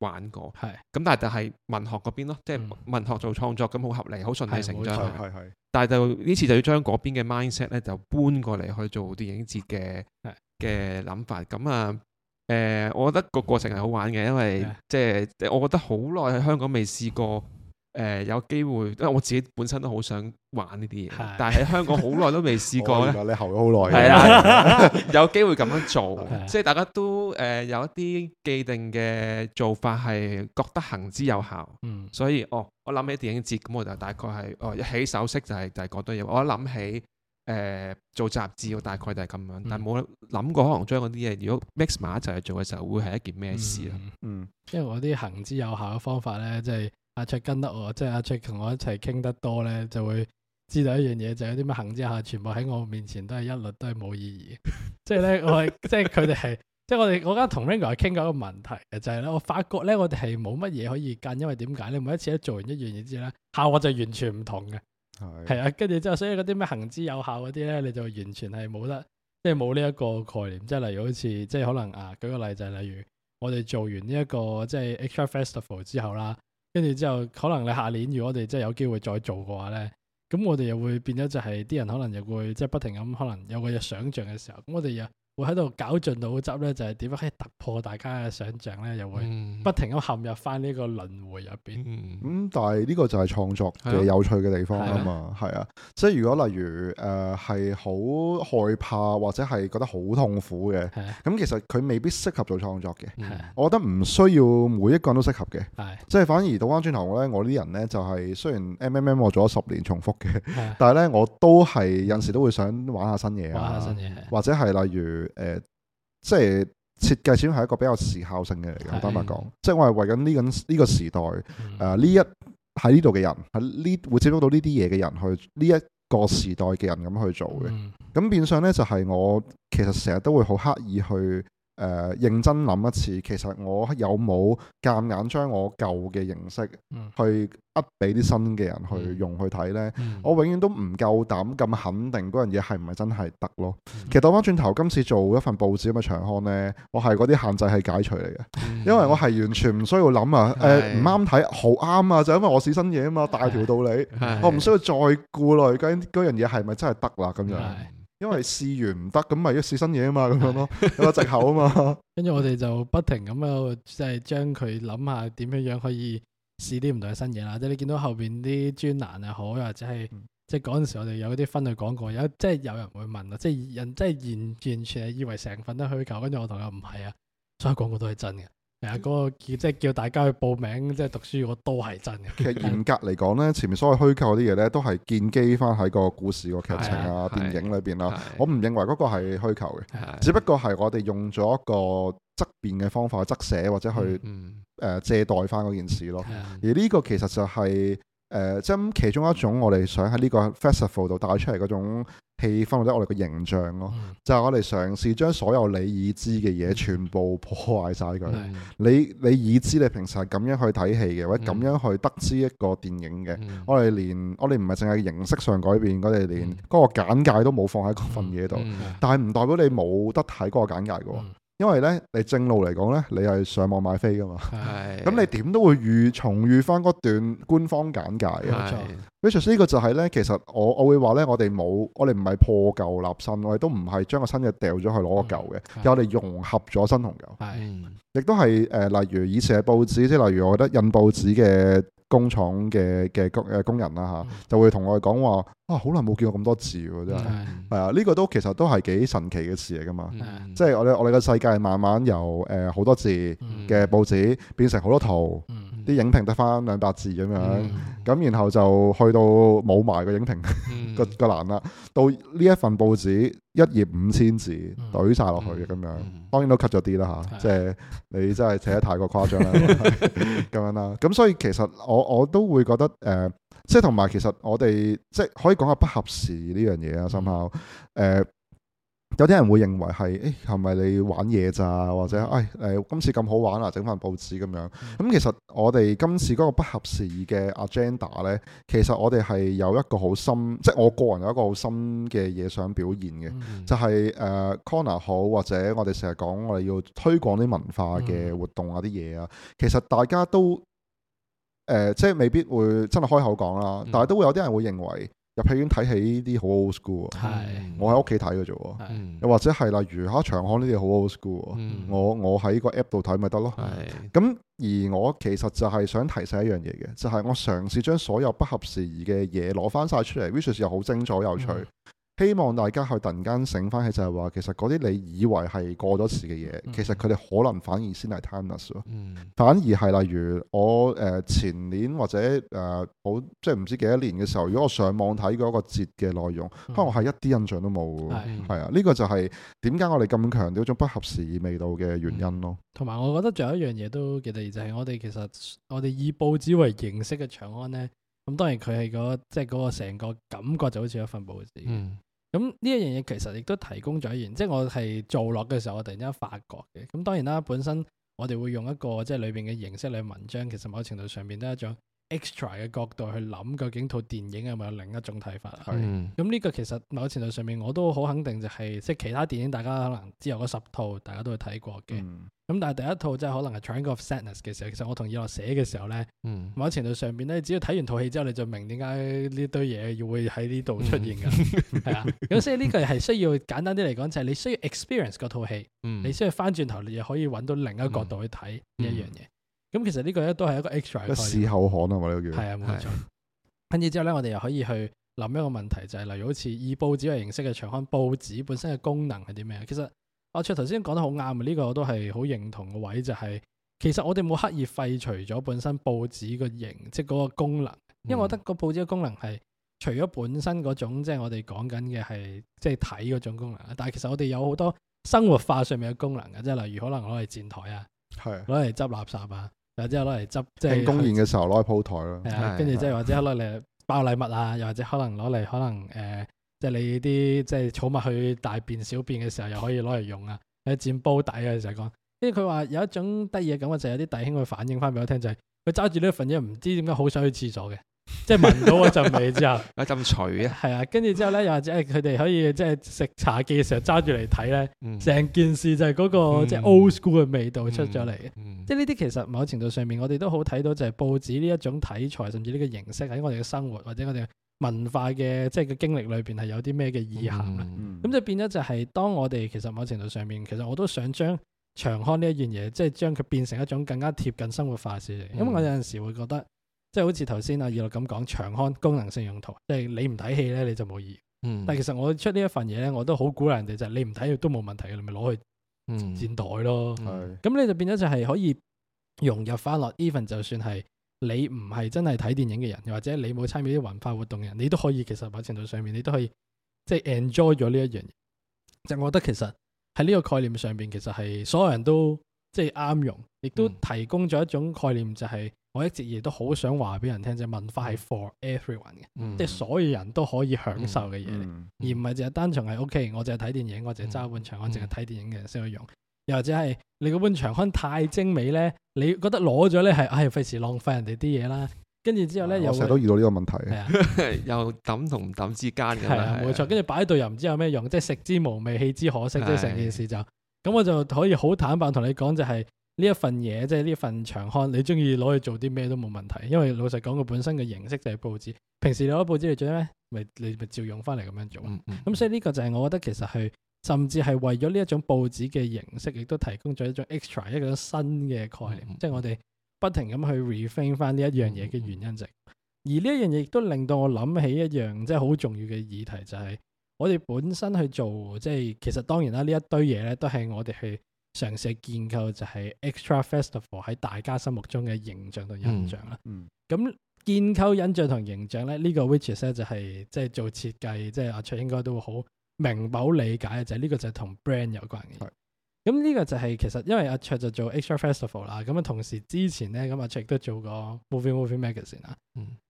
玩過。係是，咁但係就係文學嗰邊咯，即係文學做創作咁好、嗯、合理，好順理成章。但係就呢次就要將嗰邊嘅 mindset 咧就搬過嚟去做電影節嘅嘅諗法。咁啊，誒、呃，我覺得個過程係好玩嘅，因為即係是我覺得好耐喺香港未試過。誒，有機會，因為我自己本身都好想玩呢啲嘢，但係喺香港好耐都未試過。你候咗好耐。係啊，有機會咁樣做，即係大家都誒有一啲既定嘅做法，係覺得行之有效。嗯，所以哦，我諗起電影節，咁我就大概係哦一起手式就係就係覺得嘢。我一諗起誒做雜誌，我大概就係咁樣，但冇諗過可能將嗰啲嘢如果 mix 埋一齊去做嘅時候，會係一件咩事啊？嗯，因為我啲行之有效嘅方法咧，即係。阿卓跟得我，即係阿卓同我一齊傾得多咧，就會知道一樣嘢，就係啲咩行之有效，全部喺我面前都係一律都係冇意義 呢。即係咧，我即係佢哋係，即係我哋我而家同 Ringo 係傾緊一個問題，就係、是、咧，我發覺咧，我哋係冇乜嘢可以跟，因為點解咧？每一次咧做完一樣嘢之後咧，效果就完全唔同嘅。係的啊，跟住之後，所以嗰啲咩行之有效嗰啲咧，你就完全係冇得，即係冇呢一個概念。即係例如好似，即係可能啊，舉個例就係例如我哋做完呢、這、一個即係 Extra Festival 之後啦。跟住之後，可能你下年如果我哋即係有機會再做嘅話呢，咁我哋又會變咗就係啲人可能又會即係不停咁可能有個想象嘅時候，我哋又～會喺度搞盡腦汁咧，就係、是、點樣可以突破大家嘅想象咧，又會不停咁陷入翻呢個輪回入邊。咁、嗯、但係呢個就係創作嘅有趣嘅地方啊嘛，係啊，啊，啊。即係如果例如誒係好害怕或者係覺得好痛苦嘅，咁、啊嗯、其實佢未必適合做創作嘅。啊、我覺得唔需要每一個人都適合嘅。即係、啊啊、反而倒翻轉頭咧，我啲人咧就係雖然 MMM 我做咗十年重複嘅，啊、但係咧我都係有陣時都會想玩下新嘢啊，玩下新嘢或者係例如。誒、呃，即係設計始終係一個比較時效性嘅嚟嘅，的坦白講，即係我係為緊呢緊呢個時代，誒呢、嗯呃、一喺呢度嘅人，喺呢會接觸到呢啲嘢嘅人去呢一個時代嘅人咁去做嘅，咁、嗯、變相咧就係、是、我其實成日都會好刻意去。誒、uh，認真諗一次，其實我有冇夾硬將我舊嘅形式去噏俾啲新嘅人去用去睇咧？嗯、我永遠都唔夠膽咁肯定嗰樣嘢係唔係真係得咯？嗯、其實倒翻轉頭，今次做一份報紙咁嘅長刊咧，我係嗰啲限制係解除嚟嘅，嗯、因為我係完全唔需要諗啊！誒唔啱睇，好啱啊！就因為我試新嘢啊嘛，大條道理，我唔需要再顧慮究竟嗰樣嘢係咪真係得啦咁樣。 因為試完唔得，咁咪要試新嘢啊嘛，咁樣咯， 有個藉口啊嘛。跟住 我哋就不停咁樣，即係將佢諗下點樣樣可以試啲唔同嘅新嘢啦。即係你見到後邊啲專欄又好，又或者係即係嗰陣時我哋有啲分類廣告，有即係有人會問啊，即係人即係完完全係以為成份都虛構，跟住我同佢唔係啊，所有廣告都係真嘅。係嗰個即係叫大家去報名，即係讀書，我都係真嘅。其實嚴格嚟講咧，前面所謂虛構啲嘢咧，都係建基翻喺個故事個劇情啊、的電影裏邊啦。的我唔認為嗰個係虛構嘅，的只不過係我哋用咗一個側邊嘅方法去側寫或者去誒借代翻嗰件事咯。的而呢個其實就係、是、～誒，即、呃、其中一種我哋想喺呢個 festival 度帶出嚟嗰種氣氛或者我哋嘅形象咯，嗯、就係我哋嘗試將所有你已知嘅嘢全部破壞晒佢。你你已知你平時係咁樣去睇戲嘅，或者咁樣去得知一個電影嘅、嗯，我哋連我哋唔係淨係形式上改變，我哋連嗰個簡介都冇放喺份嘢度，嗯、但係唔代表你冇得睇嗰個簡介㗎。嗯因為咧，你正路嚟講咧，你係上網買飛噶嘛，咁是你點都會遇重遇翻嗰段官方簡介啊。是呢個就係咧，其實我我會話咧，我哋冇，我哋唔係破舊立新，我哋都唔係將個新嘅掉咗去攞個舊嘅，有、嗯、我哋融合咗新同舊，亦、嗯、都係誒、呃，例如以前嘅報紙，即係例如我覺得印報紙嘅工廠嘅嘅工誒工人啦嚇、嗯啊，就會同我哋講話，哇、啊，好耐冇見過咁多字喎，真係係啊！呢、嗯、個都其實都係幾神奇嘅事嚟噶嘛，嗯、即係我哋、嗯、我哋嘅世界慢慢由誒好、呃、多字嘅報紙變成好多圖，啲、嗯嗯、影評得翻兩百字咁樣，咁、嗯、然後就去。到冇埋個影評個個欄啦， 到呢一份報紙一頁五千字懟晒落去嘅咁樣，嗯嗯、當然都 cut 咗啲啦吓，即係你真係寫得太過誇張啦，咁 樣啦，咁所以其實我我都會覺得誒、呃，即係同埋其實我哋即係可以講下不合時呢樣嘢啊，深奧誒。 有啲人會認為係，誒係咪你玩嘢咋？或者，誒、哎、誒、呃、今次咁好玩啊，整份報紙咁樣。咁、嗯、其實我哋今次嗰個不合時宜嘅 agenda 咧，其實我哋係有一個好深，即係我個人有一個好深嘅嘢想表現嘅，嗯、就係誒 Kongner 好，或者我哋成日講我哋要推廣啲文化嘅活動啊啲嘢啊。嗯、其實大家都誒、呃，即係未必會真係開口講啦，但係都會有啲人會認為，入戲院睇起呢啲好 old school 啊！是我喺屋企睇嘅啫喎，嗯、又或者係例如嚇長康呢啲好 old school 啊、嗯！我我喺個 app 度睇咪得咯。咁是而我其實就係想提醒一樣嘢嘅，就係、是、我嘗試將所有不合時宜嘅嘢攞翻晒出嚟，which、嗯、又 is 又好精彩有趣。嗯希望大家去突然間醒翻起，就係、是、話其實嗰啲你以為係過咗時嘅嘢，嗯、其實佢哋可能反而先係 t i m e l e s、嗯、s 咯。反而係例如我誒前年或者誒好、呃、即係唔知幾多年嘅時候，如果我上網睇過一個節嘅內容，嗯、可能我係一啲印象都冇係、嗯、啊，呢、這個就係點解我哋咁強調一種、嗯、不合時宜味道嘅原因咯。同埋、嗯、我覺得仲有一樣嘢都幾得意，就係、是、我哋其實我哋以報紙為形式嘅長安咧，咁當然佢係、那個即係嗰個成個感覺就好似一份報紙。嗯咁呢一樣嘢其實亦都提供咗一啲，即係我係做落嘅時候，我突然之間發覺嘅。咁當然啦，本身我哋會用一個即係裏面嘅形式嚟文章，其實某程度上面都係一種。extra 嘅角度去諗，究竟套電影有冇有另一種睇法的？係咁呢個其實某程度上面我都好肯定、就是，就係即係其他電影大家可能之後嗰十套大家都會睇過嘅。咁、嗯、但係第一套即係可能係 Triangle of Sadness 嘅時候，其實我同以諾寫嘅時候咧，嗯、某程度上邊咧，只要睇完套戲之後，你就明點解呢堆嘢要會喺呢度出現嘅，係啊。咁所以呢個係需要簡單啲嚟講，就係你需要 experience 嗰套戲，嗯、你需要翻轉頭，你又可以揾到另一角度去睇呢一樣嘢。咁其實呢個咧都係一個 extra 嘅事後刊啊，我哋都叫係啊，冇錯。跟住 之後咧，我哋又可以去諗一個問題，就係、是、例如好似以報紙為形式嘅場刊，報紙本身嘅功能係啲咩啊？其實阿卓頭先講得好啱啊，呢、這個我都係好認同嘅位，就係、是、其實我哋冇刻意廢除咗本身報紙個形，即係嗰個功能，因為我覺得個報紙嘅功能係除咗本身嗰種，即係我哋講緊嘅係即係睇嗰種功能。但係其實我哋有好多生活化上面嘅功能嘅，即係例如可能攞嚟墊枱啊，攞嚟執垃圾啊。然或者攞嚟執，即係公宴嘅時候攞者去鋪台咯。係啊的，跟住即係或者攞嚟包禮物啊，又或者可能攞嚟可能誒，即、呃、係、就是、你啲即係寵物去大便小便嘅時候又可以攞嚟用啊，啲剪 煲底啊就係講。跟住佢話有一種得意嘅感覺，就係、是、有啲弟兄會反映翻俾我聽，就係佢揸住呢一份嘢，唔知點解好想去廁所嘅。即係聞到個陣味之後，個陣除啊，係、嗯、啊，跟住之後咧，又或者係佢哋可以即係食茶記嘅時候揸住嚟睇咧，成件事就係嗰、那個即係、就是、old school 嘅味道出咗嚟、嗯嗯嗯、即係呢啲其實某程度上面，我哋都好睇到就係報紙呢一種題材，甚至呢個形式喺我哋嘅生活或者我哋文化嘅即係嘅經歷裏邊係有啲咩嘅意涵啦。咁、嗯嗯、就變咗就係當我哋其實某程度上面，其實我都想將長康呢一樣嘢，即係將佢變成一種更加貼近生活化嘅事嚟。因、嗯、為、嗯嗯嗯、我有陣時會覺得。即係好似頭先阿以諾咁講，場刊功能性用途，即係你唔睇戲咧，你就冇意義。嗯、但係其實我出呢一份嘢咧，我都好鼓勵人哋就係、是、你唔睇戲都冇問題，你咪攞去錢袋咯。咁你就變咗就係可以融入翻落。even 就算係你唔係真係睇電影嘅人，又或者你冇參與啲文化活動嘅人，你都可以其實某程度上面你都可以即係 enjoy 咗呢一樣嘢。就我覺得其實喺呢個概念上邊，其實係所有人都即係啱用，亦都提供咗一種概念，就係、是。我一直亦都好想話俾人聽，即係文化係 for everyone 嘅，即係所有人都可以享受嘅嘢，而唔係凈係單純係 OK，我淨係睇電影，我淨係揸一本場刊，我淨係睇電影嘅人先可以用。又或者係你嗰本場刊太精美咧，你覺得攞咗咧係唉，費事浪費人哋啲嘢啦。跟住之後咧又我成日都遇到呢個問題，又抌同唔抌之間嘅。係啊，冇錯。跟住擺喺度又唔知有咩用，即係食之無味，棄之可惜，即係成件事就咁。我就可以好坦白同你講，就係。呢一份嘢，即係呢一份長刊，你中意攞去做啲咩都冇問題。因為老實講，佢本身嘅形式就係報紙。平時你攞報紙嚟做咩？咪你咪照用翻嚟咁樣做。咁、嗯嗯嗯、所以呢個就係我覺得其實係甚至係為咗呢一種報紙嘅形式，亦都提供咗一種 extra，一種新嘅概念。嗯嗯即係我哋不停咁去 refine 翻呢一樣嘢嘅原因值。嗯嗯而呢一樣嘢亦都令到我諗起一樣即係好重要嘅議題，就係、是、我哋本身去做即係其實當然啦，呢一堆嘢咧都係我哋去。嘗試建構就係 Extra Festival 喺大家心目中嘅形象同印象啦。咁、嗯嗯、建構印象同形象咧，呢、這個 which is 咧就係即係做設計，即、就、係、是、阿卓應該都好明白、好理解嘅。就呢、是、個就係同 brand 有關嘅。咁呢是個就係其實因為阿卓就做 Extra Festival 啦。咁啊，同時之前咧，咁阿卓亦都做過 Movie Movie Magazine 啦。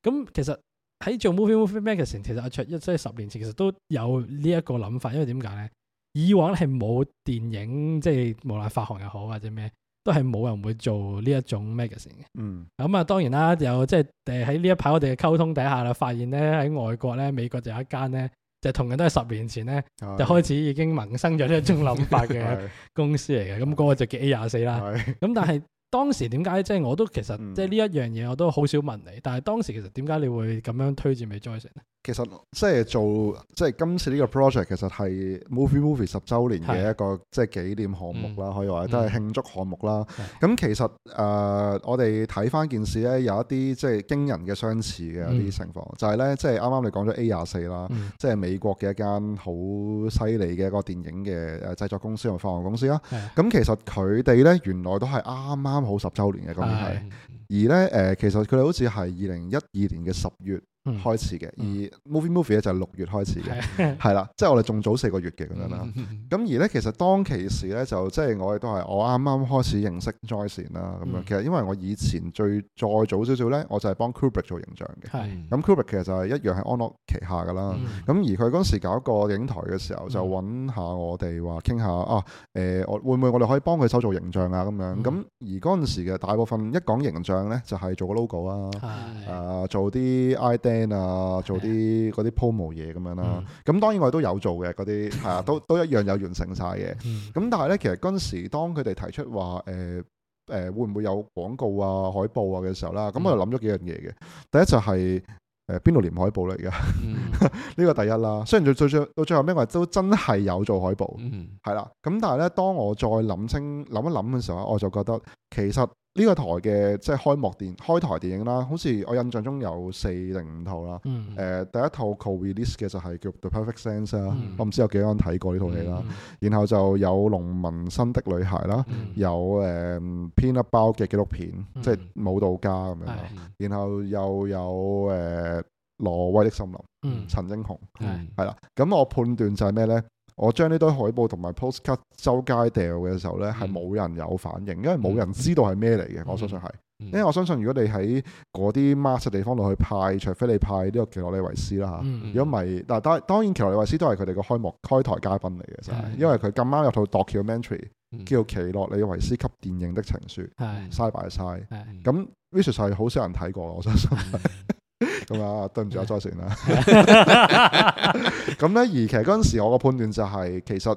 咁、嗯、其實喺做 Movie Movie Magazine，其實阿卓一即係十年前其實都有呢一個諗法，因為點解咧？.以往係冇電影，即係無論發行又好或者咩，都係冇人會做呢一種 magazine 嘅。嗯、啊，咁啊當然啦，就有即係喺呢一排我哋嘅溝通底下啦，發現咧喺外國咧，美國就有一間咧就是、同樣都係十年前咧、哎、就開始已經萌生咗呢一種諗法嘅公司嚟嘅。咁嗰的、嗯那個就叫 A 廿四啦。咁但係。當時點解即係我都其實即係呢一樣嘢我都好少問你，但係當時其實點解你會咁樣推薦俾 Joyce 咧？其實即係做即係今次呢個 project，其實係 Movie Movie 十週年嘅一個即係紀念項目啦，可以話都係慶祝項目啦。咁其實誒，我哋睇翻件事咧，有一啲即係驚人嘅相似嘅一啲情況，就係咧即係啱啱你講咗 A 廿四啦，即係美國嘅一間好犀利嘅一個電影嘅誒製作公司同發行公司啦。咁其實佢哋咧原來都係啱啱。好十周年嘅，咁係而咧，誒、呃、其實佢哋好似係二零一二年嘅十月，開始嘅，而 MOViE MOViE 咧就係六月開始嘅，係啦，即係我哋仲早四個月嘅咁樣啦。咁 而咧其實當其時咧就即、是、係我哋都係我啱啱開始認識 Joyce 啦。咁樣其實因為我以前最再早少少咧，我就係幫 Kubrick 做形象嘅。係咁是的 Kubrick 其實就係一樣係安樂旗下噶啦。咁 而佢嗰陣時搞一個影台嘅時候，就揾下我哋話傾下啊，誒、呃、我會唔會我哋可以幫佢手做形象啊咁樣。咁而嗰陣時嘅大部分一講形象咧，就係做個 logo 是的 啊，誒做啲 ID。啊，做啲嗰啲 promo 嘢咁樣啦，啊，咁、嗯、當然我哋都有做嘅，嗰啲係啊，都都一樣有完成晒嘅。咁、嗯、但係咧，其實嗰時當佢哋提出話誒誒，會唔會有廣告啊、海報啊嘅時候啦，咁我就諗咗幾樣嘢嘅。第一就係誒邊度連海報嚟㗎，呢個、嗯、 第一啦。雖然最最最到最後尾，我都真係有做海報，係、嗯、啦。咁但係咧，當我再諗清諗一諗嘅時候，我就覺得其實。呢個台嘅即係開幕電開台電影啦，好似我印象中有四定五套啦。誒，第一套 co-release 嘅就係叫 The Perfect Sense 啦，我唔知有幾多人睇過呢套戲啦。然後就有農民新的女孩啦，有誒編一包嘅紀錄片，即係舞蹈家咁樣，然後又有誒挪威的森林，陳英雄係啦。咁我判斷就係咩咧？我將呢堆海報同埋 postcard 周街掉嘅時候咧，係冇人有反應，因為冇人知道係咩嚟嘅。我相信係，因為我相信如果你喺嗰啲 mark 嘅地方落去派，除非你派呢個奇洛里維斯啦嚇，如果唔係，嗱，但係當然奇洛里維斯都係佢哋個開幕開台嘉賓嚟嘅，就係的因為佢咁啱有套 documentary 叫《奇洛里維斯給電影的情書》，嘥埋嘥，咁 Vishal 係好少人睇過，我相信的。的咁啊，對唔住啊，再成啦。咁咧，而其實嗰陣時，我嘅判斷就係，其實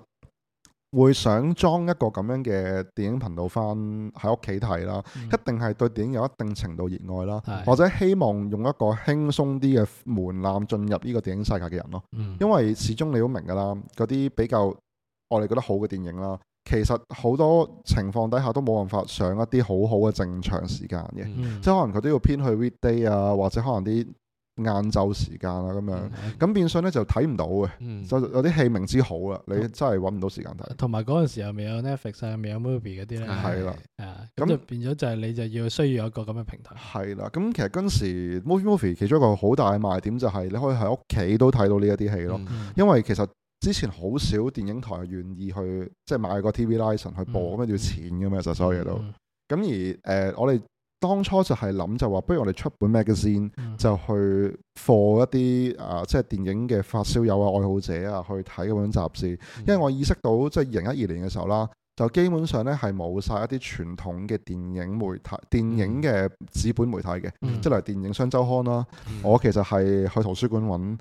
會想裝一個咁樣嘅電影頻道翻喺屋企睇啦，嗯、一定係對電影有一定程度熱愛啦，是或者希望用一個輕鬆啲嘅門檻進入呢個電影世界嘅人咯。嗯、因為始終你都明噶啦，嗰啲比較我哋覺得好嘅電影啦。其實好多情況底下都冇辦法上一啲好好嘅正常時間嘅，嗯、即係可能佢都要編去 weekday 啊，或者可能啲晏晝時間啦、啊、咁樣，咁、嗯、變相咧就睇唔到嘅，就，嗯、就有啲戲明知好啊，嗯、你真係揾唔到時間睇。同埋嗰陣時候又未有 Netflix 啊，未有 Movie 嗰啲咧。係啦，誒、啊，咁變咗就係你就要需要一個咁嘅平台。係啦，咁其實嗰陣時 Movie Movie 其中一個好大嘅賣點就係你可以喺屋企都睇到呢一啲戲咯，嗯嗯、因為其實。之前好少電影台願意去即係買個 TV license 去播，咁樣要錢嘅嘛，其實所有嘢都。咁、hmm。而誒、呃，我哋當初就係諗就話，不如我哋出本 magazine、mm hmm。就去貨一啲啊，即係電影嘅發燒友啊、愛好者啊去睇咁樣雜誌，mm hmm。因為我意識到即係二零一二年嘅時候啦。就基本上咧，係冇晒一啲傳統嘅電影媒體、電影嘅紙本媒體嘅，即係例如《電影雙周刊》啦。我其實係去圖書館揾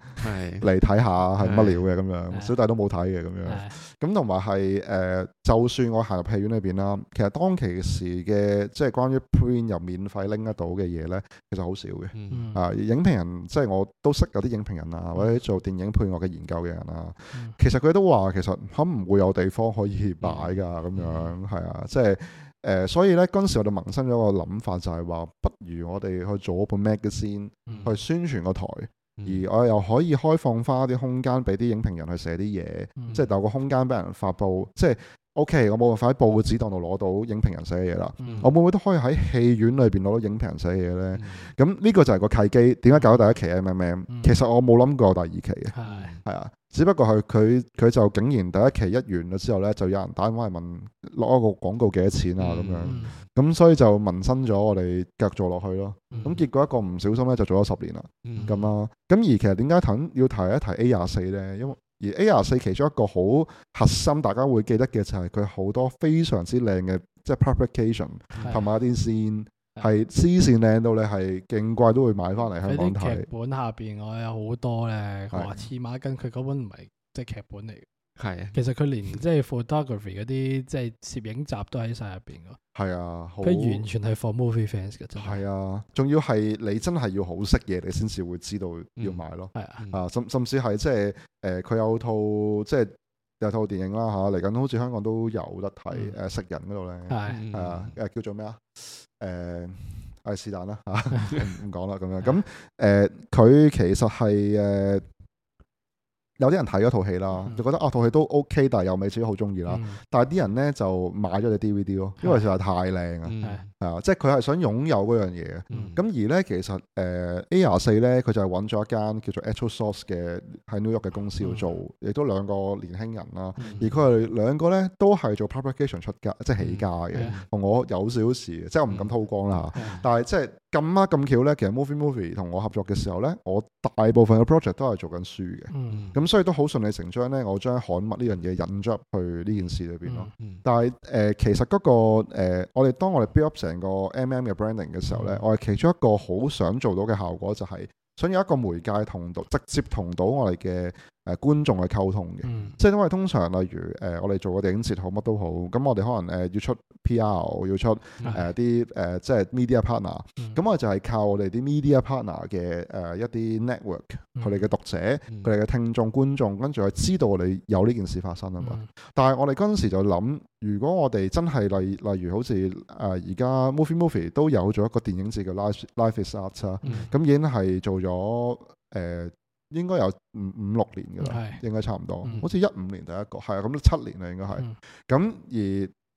嚟睇下係乜料嘅咁樣，小弟都冇睇嘅咁樣。咁同埋係誒，就算我行入戲院裏邊啦，其實當其時嘅即係關於 print 又免費拎得到嘅嘢咧，其實好少嘅。啊，影評人即係我都識有啲影評人啊，或者做電影配樂嘅研究嘅人啊，其實佢都話其實可能唔會有地方可以擺噶。咁樣係、嗯、啊，即係誒，所以呢嗰陣時我哋萌生咗個諗法，就係、是、話，不如我哋去做一本 magazine，去宣傳個台，嗯、而我又可以開放返一啲空間俾啲影評人去寫啲嘢，嗯、即係有個空間俾人發佈，即、就、係、是。O.K. 我冇辦法喺報紙檔度攞到影評人寫嘅嘢啦。嗯、我會唔會都可以喺戲院裏邊攞到影評人寫嘅嘢咧？咁呢、嗯、個就係個契機。點解搞咗第一期 MMM、嗯、其實我冇諗過第二期嘅。係係啊，只不過係佢佢就竟然第一期一完咗之後咧，就有人打電話嚟問攞一個廣告幾多錢啊咁樣。咁、嗯、所以就紋身咗我哋繼續做落去咯。咁、嗯、結果一個唔小心咧就做咗十年啦咁、嗯嗯、啊，咁而其實點解肯要提，提一提 A24 咧？因為而 A.R. 四其中一個好核心，大家會記得嘅就係佢好多非常之靚嘅即係 publication 同埋啲的線，係黐的線靚到你係勁貴都會買翻嚟的香港睇。劇本下邊我有好多咧，話黐孖筋，佢嗰本唔係即係劇本嚟。係，啊、其實佢連即係、就是、photography 嗰啲即係、就、攝、是、影集都喺晒入邊噶。係啊，佢完全係 for movie fans 嘅啫。係啊，仲要係你真係要好識嘢，你先至會知道要買咯。係、嗯啊，嗯、啊，甚甚至係即係誒，佢、就是呃、有套即係、就是、有套電影啦吓，嚟、啊、緊好似香港都有得睇誒，識人嗰度咧係啊，誒、啊嗯啊、叫做咩啊？誒、啊，誒是但啦吓，唔講啦咁樣。咁誒，佢、呃呃、其實係誒。有啲人睇咗套戲啦，嗯、就覺得啊套戲都 OK，但係又未至於好鍾意啦。嗯、但係啲人咧就買咗隻 DVD 咯，因為實在太靚啊。啊，即係佢係想擁有嗰樣嘢。咁而咧，其實誒 A24 咧，佢就係揾咗一間叫做 Actual Source 嘅喺 New York 嘅公司去做，亦都兩個年輕人啦。而佢哋兩個咧都係做 publication 出家，即係起家嘅。同我有少少事，即係我唔敢偷光啦。但係即係咁啱咁巧咧，其實 Movie Movie 同我合作嘅時候咧，我大部分嘅 project 都係做緊書嘅。咁所以都好順理成章咧，我將刊物呢樣嘢引入去呢件事裏邊咯。但係誒，其實嗰個誒，我哋當我哋 build up 成個 MM 嘅 branding 嘅時候咧，我哋其中一個好想做到嘅效果，就係想有一個媒介同到直接同到我哋嘅。誒觀眾去溝通嘅，即係因為通常例如誒、呃、我哋做個電影節好乜都好，咁我哋可能誒要出 P.R. 要出誒啲誒即係 media partner，咁我就係、是、靠我哋啲 media partner 嘅誒一啲 network，佢哋嘅讀者，佢哋嘅聽眾觀眾，跟住就知道你有呢件事發生啊嘛。但係我哋嗰陣時就諗，如果我哋真係例例如好似誒而家 movie movie 都有咗一個電影節叫 Life Life is Art 啦、嗯，咁已經係做咗誒。嗯嗯應該有五五六年噶啦，的應該差唔多，嗯、好似一五年第一個，係啊，咁都七年啦應該係。咁、嗯、而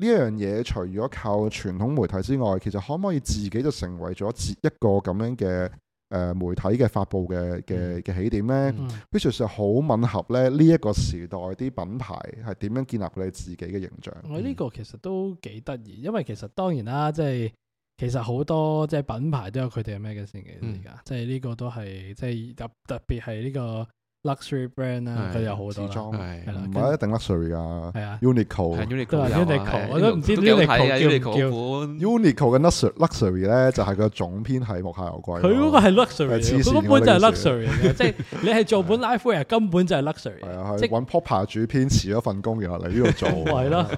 呢樣嘢除咗靠傳統媒體之外，其實可唔可以自己就成為咗一個咁樣嘅誒、呃、媒體嘅發布嘅嘅嘅起點咧？呢條實好吻合咧呢一個時代啲品牌係點樣建立佢哋自己嘅形象。嗯、我呢個其實都幾得意，因為其實當然啦，即係。其實好多即係品牌都有佢哋係咩嘅先嘅，而家即係呢個都係即係特特別係呢個 luxury brand 啦，佢有好多，係啦，唔一定 luxury 啊，uniqlo，uniqlo 都有，我都唔知 uniqlo，uniqlo uniqlo 嘅 lux luxury 咧就係個總編係木下油貴，佢嗰個係 luxury，佢根本就係 luxury，即係你係做本 LifeWear 根本就係 luxury，係啊，即係揾 Popeye 主編辭咗份工然後嚟呢度做，係啦。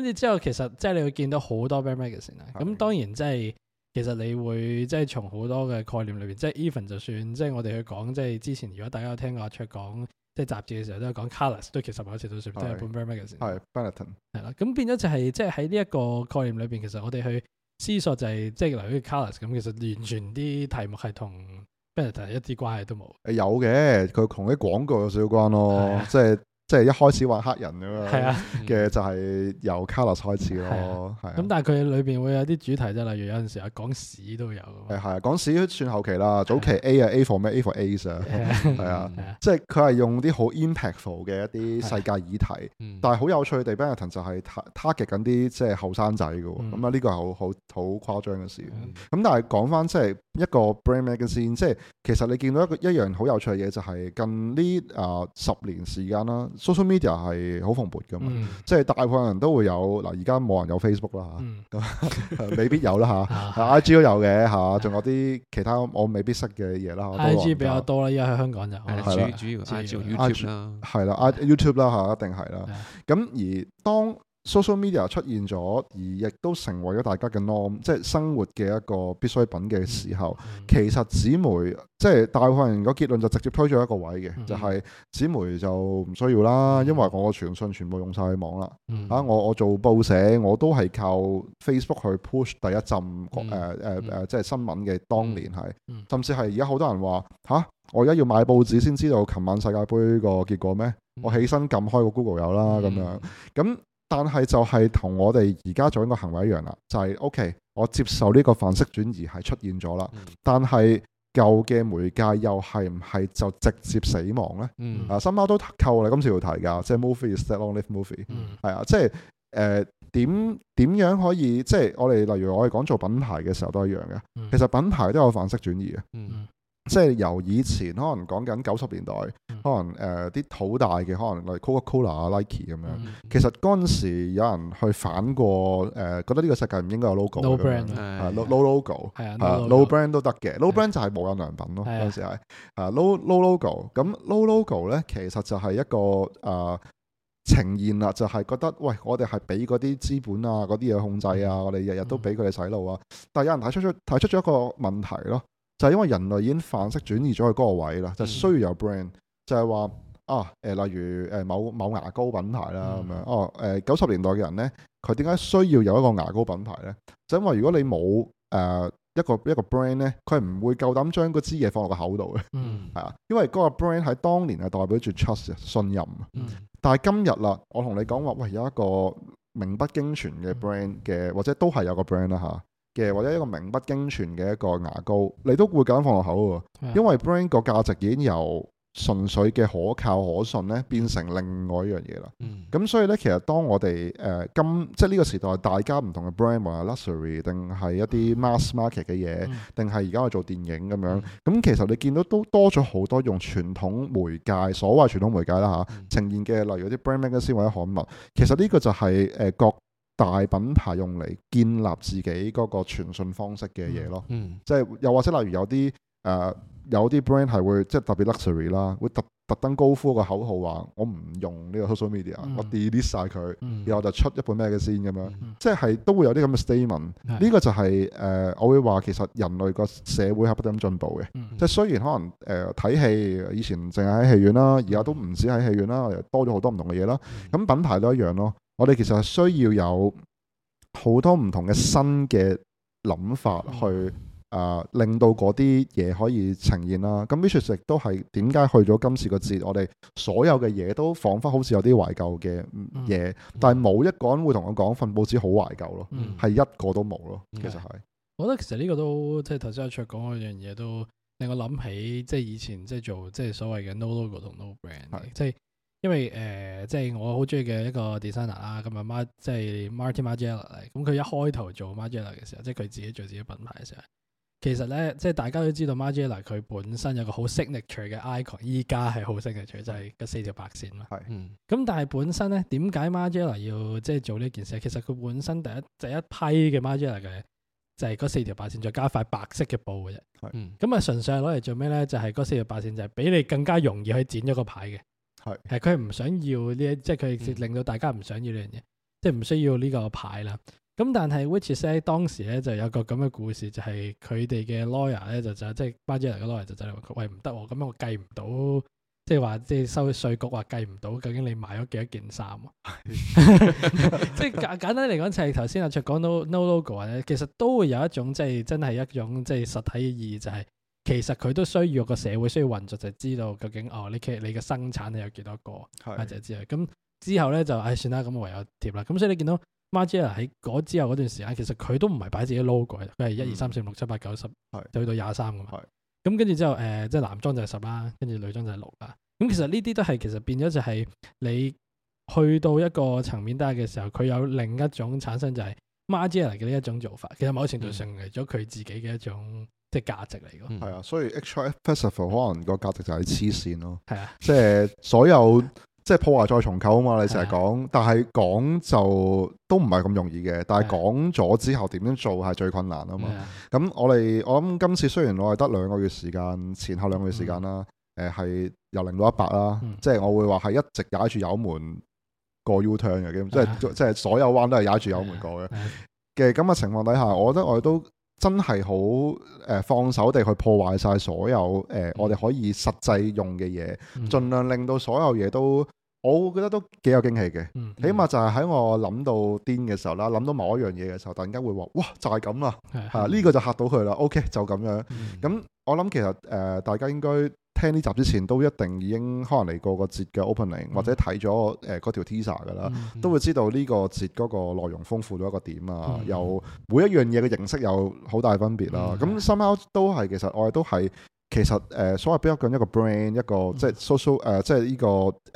跟住之後，其實即係你會見到好多 brand magazine 先啦的。咁當然即、就、係、是、其實你會即係從好多嘅概念裏邊，即係 even 就算即係我哋去講，即係之前如果大家有聽過阿卓講即係雜誌嘅時候有講 as, 都講 Colors，對，其實我有時都說都係 brand magazine 係 Benetton 係啦。咁變咗就係即係喺呢一個概念裏邊，其實我哋去思索就係即係例如 Colors 咁，其實完全啲題目係同 Benetton 一啲關係都冇。誒有嘅，佢同啲廣告有少關咯、哦，即係的。 即係一開始玩黑人啊嘛，嘅就係由 Colors 開始咯。係。咁但係佢裏邊會有啲主題，即例如有陣時啊講史都有。係係講史都算後期啦，早期 A 啊 A for 咩 A for Ace 啊，係啊，即係佢係用啲好 impactful 嘅一啲世界議題。但係好有趣嘅地方係，Benetton 就係 target 緊啲即係後生仔嘅喎。咁啊呢個係好好好誇張嘅事。咁但係講翻即係一個 Brand Magazine 即係其實你見到一個一樣好有趣嘅嘢，就係近呢啊十年時間啦。Social media 係好蓬勃㗎嘛，即係大部分人都會有嗱，而家冇人有 Facebook 啦嚇，未必有啦嚇，IG 都有嘅嚇，仲有啲其他我未必識嘅嘢啦嚇，IG 比較多啦，依家喺香港就係主主要 IG、YouTube 啦，係啦，YouTube 啦嚇，一定係啦。咁而當 social media 出現咗，而亦都成為咗大家嘅 norm，即係生活嘅一個必需品嘅時候，嗯、其實紙媒即係大部分人個結論就直接推咗一個位嘅，嗯、就係紙媒就唔需要啦，嗯、因為我傳信全部用曬網啦。啊，我我做報社我都係靠 Facebook 去 push 第一陣誒誒誒，即係新聞嘅當年係，甚至係而家好多人話吓，我而家要買報紙先知道琴晚世界盃個結果咩？我起身撳開個 Google 有啦，咁樣咁。嗯嗯嗯但係就係同我哋而家做一個行為一樣啦，就係 OK，我接受呢個範式轉移係出現咗啦。嗯、但係舊嘅媒介又係唔係就直接死亡咧？嗯、啊，新貓都扣啦，今次要提㗎，即係 mo movie is dead long live movie，係啊，即係誒點點樣可以即係我哋例如我哋講做品牌嘅時候都係一樣嘅，嗯、其實品牌都有範式轉移嘅。嗯嗯即係由以前可能講緊九十年代，可能誒啲土大嘅，可能例如 Coca-Cola 啊、Nike 咁樣。其實嗰陣時有人去反過誒，覺得呢個世界唔應該有 logo，誒 low logo，係啊 no brand 都得嘅，low brand 就係無印良品咯。嗰陣時係啊 low logo 咁 low logo 咧，其實就係一個誒呈現啦，就係覺得喂，我哋係俾嗰啲資本啊，嗰啲嘢控制啊，我哋日日都俾佢哋洗腦啊。但係有人提出咗提出咗一個問題咯。就係因為人類已經範式轉移咗去嗰個位啦，就是、需要有 brand、嗯就。就係話啊，誒、呃，例如誒某某，某牙膏品牌啦咁樣。哦、啊，誒、呃，九十年代嘅人咧，佢點解需要有一個牙膏品牌咧？就是、因為如果你冇誒、呃、一個一個 brand 咧，佢唔會夠膽將嗰支嘢放落個口度嘅。嗯。係啊，因為嗰個 brand 喺當年係代表住 trust 信任。嗯、但係今日啦，我同你講話，喂，有一個名不經傳嘅 brand 嘅，嗯、或者都係有個 brand 啦嚇。嘅或者一個名不經傳嘅一個牙膏，你都會揀放入口喎，因為 brand 個價值已經由純粹嘅可靠可信咧變成另外一樣嘢啦。咁、嗯、所以咧，其實當我哋誒、呃、今即係呢個時代，大家唔同嘅 brand 或者 luxury 定係一啲 mass market 嘅嘢，定係而家去做電影咁樣，咁、嗯、其實你見到都多咗好多用傳統媒介，所謂傳統媒介啦嚇，呃嗯、呈現嘅例如啲 brand magazine 或者刊物，其實呢個就係、是、誒、呃、各。大品牌用嚟建立自己嗰個傳訊方式嘅嘢咯，即係又或者例如有啲誒有啲 brand 係會即係特別 luxury 啦，會特特登高呼一個口號話我唔用呢個 social media，我 delete 晒佢，然後就出一本咩嘅先咁樣，即係都會有啲咁嘅 statement。呢個就係誒，我會話其實人類個社會係不斷咁進步嘅，即係雖然可能誒睇戲以前淨係喺戲院啦，而家都唔止喺戲院啦，又多咗好多唔同嘅嘢啦。咁品牌都一樣咯。我哋其實係需要有好多唔同嘅新嘅諗法去啊、嗯呃，令到嗰啲嘢可以呈現啦。咁，which 亦都係點解去咗今次個節，我哋所有嘅嘢都仿佛好似有啲懷舊嘅嘢，嗯嗯、但係冇一個人會同我講份報紙好懷舊咯，係、嗯、一個都冇咯。其實係，我覺得其實呢個都即係頭先阿卓講嗰樣嘢都令我諗起，即係以前即係做即係所謂嘅 no logo 同 no brand，即係的。就是因為誒、呃，即係我好中意嘅一個 designer 啦，咁阿馬即係 Martin Margiela 嚟，嗯。咁佢一開頭做 Margiela 嘅時候，即係佢自己做自己品牌嘅時候，其實咧，即係大家都知道 Margiela 佢本身有個好 signature 嘅 icon，依家係好 signature，就係嗰四條白綫啦。係是。咁、嗯、但係本身咧，點解 Margiela 要即係做呢件事？其實佢本身第一第一批嘅 Margiela 嘅就係嗰四條白綫，再加一塊白色嘅布嘅啫。係是。咁啊、嗯，純粹攞嚟做咩咧？就係、是、嗰四條白綫，就係俾你更加容易去剪咗個牌嘅。係，佢係唔想要呢？即係佢令到大家唔想要呢樣嘢，嗯、即係唔需要呢個牌啦。咁但係，Which say 當時咧就有個咁嘅故事，就係佢哋嘅 lawyer 咧就就是、即係巴結嚟嘅 lawyer 就就話喂唔得，咁我計唔到，即係話即係收稅局話計唔到，究竟你買咗幾多件衫啊？ 即係簡簡單嚟講，就係頭先阿卓講到 no, no logo 或其實都會有一種即係真係一種即係實體嘅意義，就係、是。其實佢都需要個社會需要運作，就係、知道究竟哦，你其你嘅生產你有幾多個，或者之類。咁、啊、之後咧就唉、哎、算啦，咁唯有貼啦。咁、嗯、所以你見到 Margiela 喺嗰之後嗰段時間，其實佢都唔係擺自己 logo 嘅、嗯，佢係一二三四五六七八九十，就去到廿三㗎嘛。咁跟住之後誒，即係男裝就係十啦，跟住女裝就係六啦。咁、嗯、其實呢啲都係其實變咗就係你去到一個層面底下嘅時候，佢有另一種產生就係 Margiela 嘅呢一種做法。其實某程度上嚟咗佢自己嘅一種。即係價值嚟嘅，係啊，所以 Extra Festival 可能個價值就係黐線咯。係啊，即係所有即係破壞再重構啊嘛。你成日講，但係講就都唔係咁容易嘅。但係講咗之後點樣做係最困難啊嘛。咁我哋我諗今次雖然我係得兩個月時間，前後兩個月時間啦。誒係由零到一百啦，即係我會話係一直踩住油門過 Uturn 嘅，即係即係所有彎都係踩住油門過嘅。嘅咁嘅情況底下，我覺得我哋都。真係好誒放手地去破壞晒所有誒、嗯呃、我哋可以實際用嘅嘢，嗯、盡量令到所有嘢都，我覺得都幾有驚喜嘅。嗯嗯、起碼就係喺我諗到癲嘅時候啦，諗到某一樣嘢嘅時候，突然間會話，哇！就係咁啦，係呢、嗯嗯啊，呢個就嚇到佢啦。OK，就咁樣咁。嗯嗯我諗其實誒，大家應該聽呢集之前都一定已經可能嚟過個節嘅 opening，或者睇咗誒嗰條 teaser 噶啦，都會知道呢個節嗰個內容豐富咗一個點啊，有每一樣嘢嘅形式有好大分別啦。咁 somehow 都係其實我哋都係其實誒，所謂比較緊一個 brand，一個即係 social 誒，即係呢個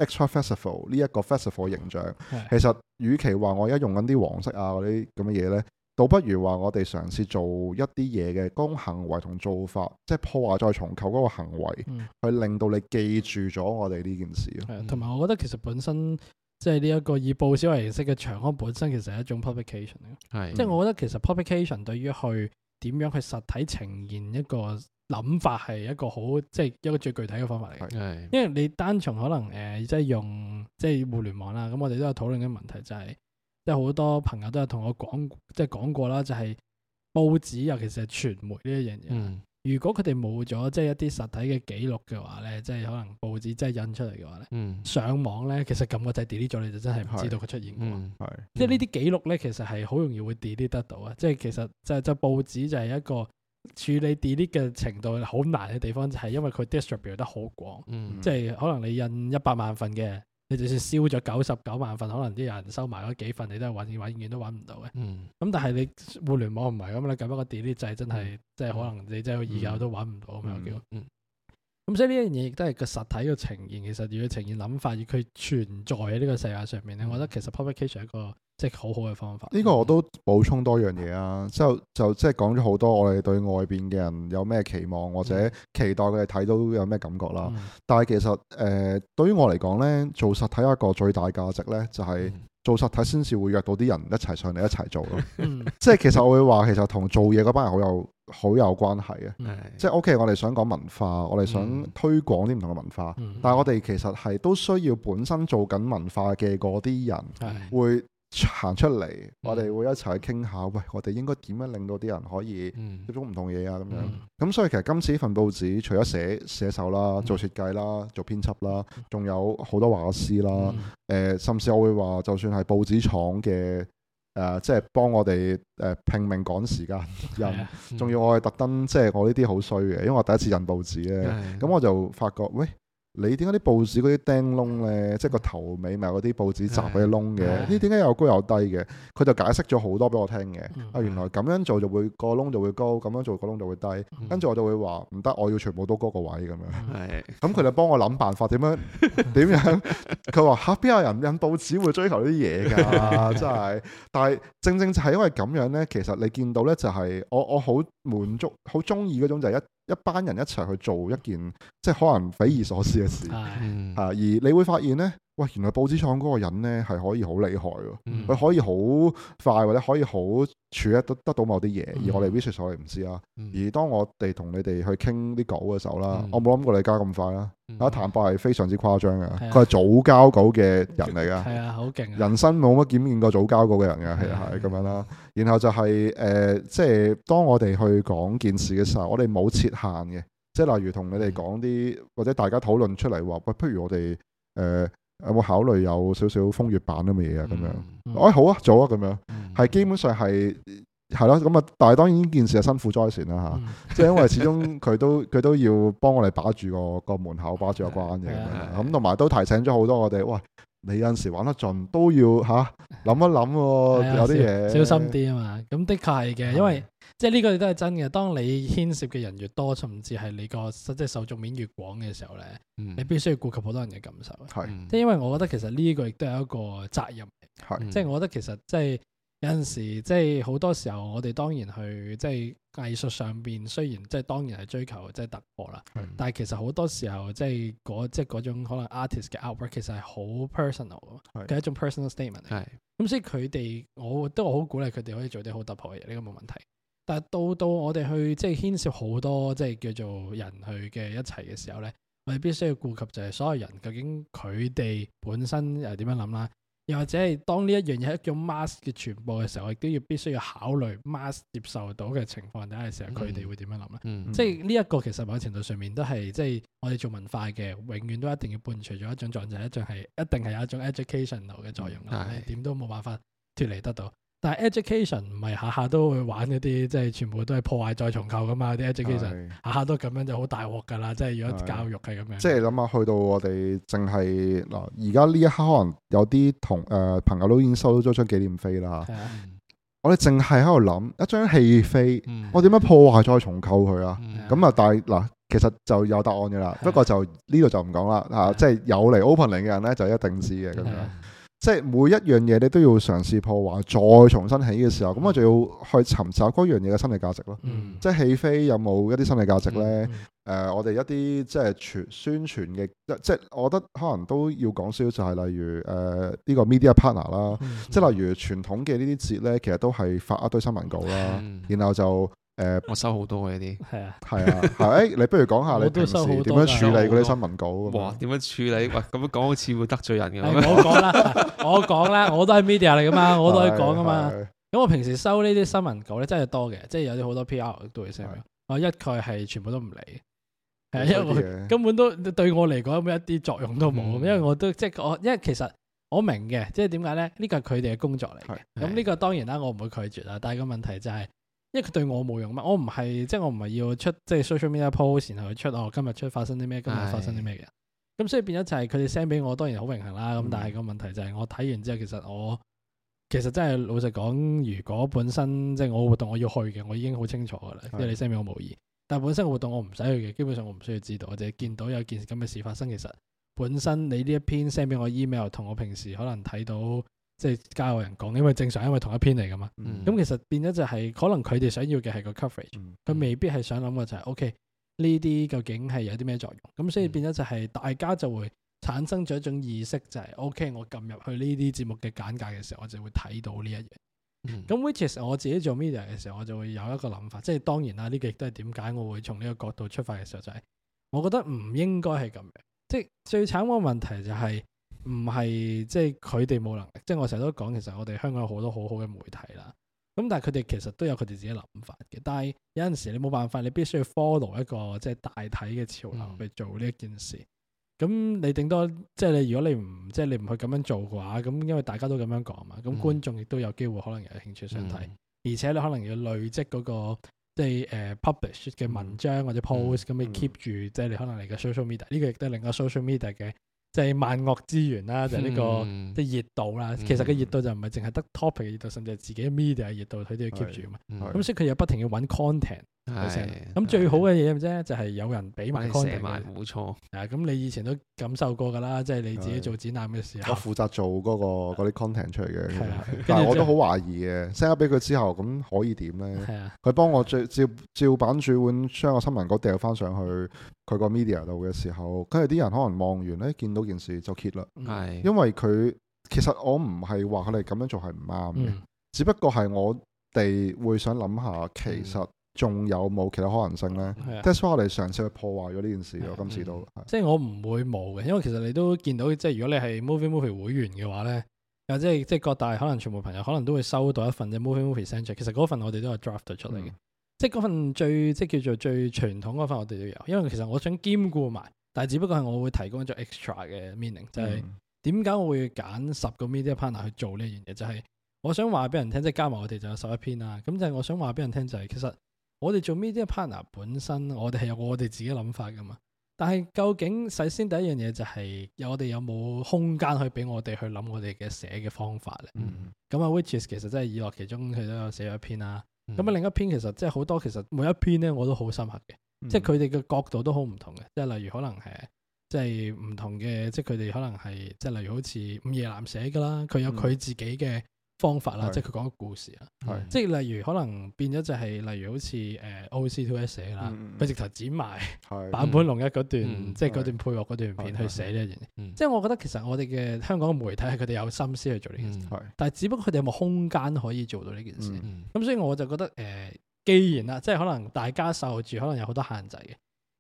extra festival 呢一個 festival 嘅形象。其實與其話我而家用緊啲黃色啊嗰啲咁嘅嘢咧。倒不如話我哋嘗試做一啲嘢嘅公行為同做法，即係破壞再重構嗰個行為，嗯、去令到你記住咗我哋呢件事咯。係同埋我覺得其實本身即係呢一個以報銷為形式嘅場刊本身其實係一種 publication 嚟嘅。係，即係我覺得其實 publication 對於去點樣去實體呈現一個諗法係一個好，即、就、係、是、一個最具體嘅方法嚟嘅。係，因為你單純可能誒，即、呃、係、就是、用即係、就是、互聯網啦，咁我哋都有討論嘅問題就係、是。即係好多朋友都有同我講，即係講過啦，就係、是、報紙尤其係傳媒呢一樣嘢。嗯、如果佢哋冇咗即係一啲實體嘅記錄嘅話咧，即係可能報紙即係印出嚟嘅話咧，嗯、上網咧其實撳個掣 delete 咗，你就真係唔知道佢出現㗎嘛。嗯嗯嗯、即係呢啲記錄咧，其實係好容易會 delete 得到啊！即係其實就就報紙就係一個處理 delete 嘅程度好難嘅地方，就係、是、因為佢 distribute 得好廣，嗯、即係可能你印一百萬份嘅。你就算燒咗九十九萬份，可能啲人收埋嗰幾份，你都係永遠永遠都揾唔到嘅。咁、嗯嗯、但係你互聯網唔係咁你咁撳個 delete 掣真係，嗯、即係可能你真係意解都揾唔到咁樣叫。嗯。咁所以呢一樣嘢亦都係個實體嘅呈現，其實如果呈現諗法而佢存在喺呢個世界上面咧，我、嗯、覺得其實 publication 係一個。即好好嘅方法，呢個我都補充多樣嘢啦，啊。之後、嗯、就即係講咗好多我哋對外邊嘅人有咩期望或者期待佢哋睇到有咩感覺啦。嗯、但係其實誒、呃、對於我嚟講咧，做實體一個最大價值咧，就係、是、做實體先至會約到啲人一齊上嚟一齊做咯。嗯、 即係其實我會話其實同做嘢嗰班人好有好有關係嘅。嗯、即係 O.K. 我哋想講文化，我哋想推廣啲唔同嘅文化，嗯、但係我哋其實係都需要本身做緊文化嘅嗰啲人、嗯、會。行出嚟，我哋會一齊去傾下，喂，我哋應該點樣令到啲人可以做唔同嘢啊？咁樣，咁、嗯、所以其實今次份報紙，除咗寫寫手啦、做設計啦、做編輯啦，仲有好多畫師啦，誒、嗯呃，甚至我會話，就算係報紙廠嘅，誒，即係幫我哋誒、呃、拼命趕時間印，仲、嗯、要我係特登，即、就、係、是、我呢啲好衰嘅，因為我第一次印報紙咧，咁、嗯嗯、我就發覺，喂，你點解啲報紙嗰啲釘窿咧，嗯、即係個頭尾咪嗰啲報紙扎嗰啲窿嘅？呢點解又高又低嘅？佢就解釋咗好多俾我聽嘅。啊、嗯，原來咁樣做就會個窿就會高，咁樣做個窿就會低。跟住、嗯、我就會話唔得，我要全部都高個位咁樣。係的。咁佢就幫我諗辦法點樣點樣？佢話吓邊有人印報紙會追求呢啲嘢㗎？真係。但係正，正正就係因為咁樣咧，其實你見到咧就係我我好滿足，好中意嗰種就係一。一班人一齊去做一件即係可能匪夷所思嘅事，啊！ 而你會發現咧。喂，原來報紙廠嗰個人咧係可以好厲害，佢可以好快或者可以好處理得到某啲嘢，而我哋 research 唔知啦。而當我哋同你哋去傾啲稿嘅時候啦，我冇諗過你加咁快啦。啊，坦白係非常之誇張嘅，佢係早交稿嘅人嚟嘅，係啊，好勁啊！人生冇乜檢驗過早交稿嘅人嘅，係係咁樣啦。然後就係誒，即係當我哋去講件事嘅時候，我哋冇設限嘅，即係例如同你哋講啲或者大家討論出嚟話，喂，不如我哋誒。有冇考慮有少少風月版咁嘅嘢啊？咁樣，哎好啊，做啊，咁樣，係基本上係係咯咁啊！但係當然呢件事係辛苦晒佢啦嚇，即係因為始終佢都佢都要幫我哋把住個個門口把住個關嘅，咁同埋都提醒咗好多我哋，喂，你有時玩得盡都要吓，諗一諗，有啲嘢小心啲啊嘛！咁的確係嘅，因為。即係呢個亦都係真嘅。當你牽涉嘅人越多，甚至係你個即係受眾面越廣嘅時候咧，嗯、你必須要顧及好多人嘅感受。係、嗯，即係因為我覺得其實呢個亦都係一個責任。係、嗯，即係我覺得其實即係有陣時，即係好多時候，我哋當然去即係藝術上邊，雖然即係當然係追求即係突破啦。嗯、但係其實好多時候，即係嗰即係嗰種可能 artist 嘅 outwork 其實係好 personal 嘅、嗯、一種 personal statement。係、嗯，咁、嗯、所以佢哋我都我好鼓勵佢哋可以做啲好突破嘅嘢，呢、這個冇問題。但係到到我哋去即係牽涉好多即係叫做人去嘅一齊嘅時候咧，我哋必須要顧及就係所有人究竟佢哋本身又點樣諗啦，又或者係當呢一樣嘢係一種 mask 嘅傳播嘅時候，亦都要必須要考慮 mask 接受到嘅情況底下嘅時候，佢哋，嗯，會點樣諗咧？嗯嗯，即係呢一個其實某程度上面都係即係我哋做文化嘅，永遠都一定要伴隨咗一種狀態，就一種係一定係有一種 educational 嘅作用，係點都冇辦法脫離得到。但係 education 唔係下下都會玩一啲，即係全部都係破壞再重構噶嘛？啲 education 下下都咁樣就好大鑊噶啦！即係如果教育係咁樣，即係諗下去到我哋淨係嗱，而家呢一刻可能有啲同誒、呃、朋友都已經收到咗張紀念飛啦。啊、我哋淨係喺度諗一張戲飛，嗯、我點樣破壞再重構佢啊？咁啊，但係嗱，其實就有答案噶啦。不過就呢度就唔講啦。嗱，即係有嚟 opening 嘅人咧，就一定知嘅咁樣。即係每一樣嘢，你都要嘗試破壞，再重新起嘅時候，咁我就要去尋找嗰樣嘢嘅心理價值咯。嗯、即係戲飛有冇一啲心理價值咧？誒、嗯嗯呃，我哋一啲即係傳宣傳嘅，即即我覺得可能都要講少少就係例如誒呢、呃呢個 media partner 啦、嗯，嗯、即係例如傳統嘅呢啲節咧，其實都係發一堆新聞稿啦，嗯、然後就。誒，我收好多呢啲係啊，係啊，係啊？你不如講下你平時點樣處理嗰啲新聞稿？哇，點樣處理？喂，咁樣講好似會得罪人嘅，唔好講啦，我講啦，我都係 media 嚟噶嘛，我都去講噶嘛。咁我平時收呢啲新聞稿咧，真係多嘅，即係有啲好多 PR 都會 send 我，一概係全部都唔理，係因為根本都對我嚟講一啲作用都冇，因為我都即係我，因為其實我明嘅，即係點解咧？呢個係佢哋嘅工作嚟嘅，咁呢個當然啦，我唔會拒絕啦。但係個問題就係。因為佢對我冇用啊嘛，我唔係即係我唔係要出即係 social media post，然後去出哦。今日出發生啲咩，今日發生啲咩嘅。咁是所以變咗就係佢哋 send 俾我，當然好榮幸啦。咁但係個問題就係我睇完之後，其實我其實真係老實講，如果本身即係我活動我要去嘅，我已經好清楚噶啦。即係是你 send 俾我冇疑。但係本身個活動我唔使去嘅，基本上我唔需要知道，我只係見到有件事咁嘅事發生。其實本身你呢一篇 send 俾我 email，同我平時可能睇到。即係加我人講，因為正常因為同一篇嚟噶嘛，咁、嗯、其實變咗就係可能佢哋想要嘅係個 coverage，佢、嗯嗯、未必係想諗嘅就係、是嗯、，OK 呢啲究竟係有啲咩作用？咁所以變咗就係大家就會產生咗一種意識、就是，就係、嗯、OK 我撳入去呢啲節目嘅簡介嘅時候，我就會睇到呢一樣。咁、嗯、which 其實我自己做 media 嘅時候，我就會有一個諗法，即、就、係、是、當然啦，呢、這個亦都係點解我會從呢個角度出發嘅時候，就係我覺得唔應該係咁樣。即係最慘個問題就係、是。唔係即係佢哋冇能力，即係我成日都講，其實我哋香港有好多好好嘅媒體啦。咁但係佢哋其實都有佢哋自己諗法嘅。但係有陣時你冇辦法，你必須要 follow 一個即係大體嘅潮流去做呢一件事。咁、嗯、你頂多即係你如果你唔即係你唔去咁樣做嘅話，咁因為大家都咁樣講嘛，咁觀眾亦都有機會可能有興趣想睇。嗯、而且你可能要累積嗰、那個即係、uh, publish 嘅文章或者 post，咁、嗯嗯、你 keep 住即係你可能嚟、這個 social media，呢個亦都係另一 social media 嘅。就係萬惡之源啦，就係、即係、呢個啲熱度啦。嗯、其實個熱度就唔係淨係得 topic 嘅熱度，嗯、甚至係自己 media 嘅熱度，佢都要 keep 住啊嘛。咁、嗯、所以佢又不停要揾 content。係咁最好嘅嘢啫，就係有人俾埋 content。冇錯。啊，咁你以前都感受過噶啦，即係你自己做展覽嘅時候。我負責做嗰個嗰啲 content 出嚟嘅。但係我都好懷疑嘅，send 咗俾佢之後，咁可以點咧？係啊。佢幫我最照照板煮碗，將個新聞稿掉翻上去佢個 media 度嘅時候，跟住啲人可能望完咧，見到件事就揭啦。係。因為佢其實我唔係話佢哋咁樣做係唔啱嘅，只不過係我哋會想諗下，其實。仲有冇其他可能性咧？係啊，that's why 我哋上次去破壞咗呢件事咯，嗯、今次都，嗯、是即係我唔會冇嘅，因為其實你都見到，即係如果你係 Movie Movie 會員嘅話咧，又、就是、即係即係各大可能全部朋友可能都會收到一份嘅 Movie Movie Centre。其實嗰份我哋都有 draft 咗出嚟嘅、嗯，即係嗰份最即係叫做最傳統嗰份我哋都有。因為其實我想兼顧埋，但係只不過係我會提供一啲 extra 嘅 meaning，就係點解我會揀十個 media partner 去做呢一樣嘢，就係、是、我想話俾人聽，即係加埋我哋就有十一篇啦。咁就係我想話俾人聽就係、是、其實。我哋做 media partner 本身，我哋係有我哋自己諗法噶嘛。但係究竟首先第一樣嘢就係、是，有我哋有冇空間去俾我哋去諗我哋嘅寫嘅方法咧？咁啊，Witches 其實真係以樂其中，佢都有寫咗一篇啦。咁啊，嗯、另一篇其實即係好多，其實每一篇咧我都好深刻嘅，嗯、即係佢哋嘅角度都好唔同嘅。即係例如可能係，即係唔同嘅，即係佢哋可能係，即係例如好似午夜男寫噶啦，佢有佢自己嘅、嗯。方法啦，是即係佢講個故事啊，是即係例如可能變咗就係，例如好似誒、呃、O C Two S 寫啦，佢、嗯、直頭剪埋、嗯、坂本龍一嗰段，嗯、即係嗰段配樂嗰段片、嗯、去寫呢一件事，嗯、即係我覺得其實我哋嘅香港嘅媒體係佢哋有心思去做呢件事，嗯嗯嗯、但係只不過佢哋有冇空間可以做到呢件事，咁、嗯嗯嗯、所以我就覺得誒、呃，既然啦，即係可能大家受住，可能有好多限制嘅。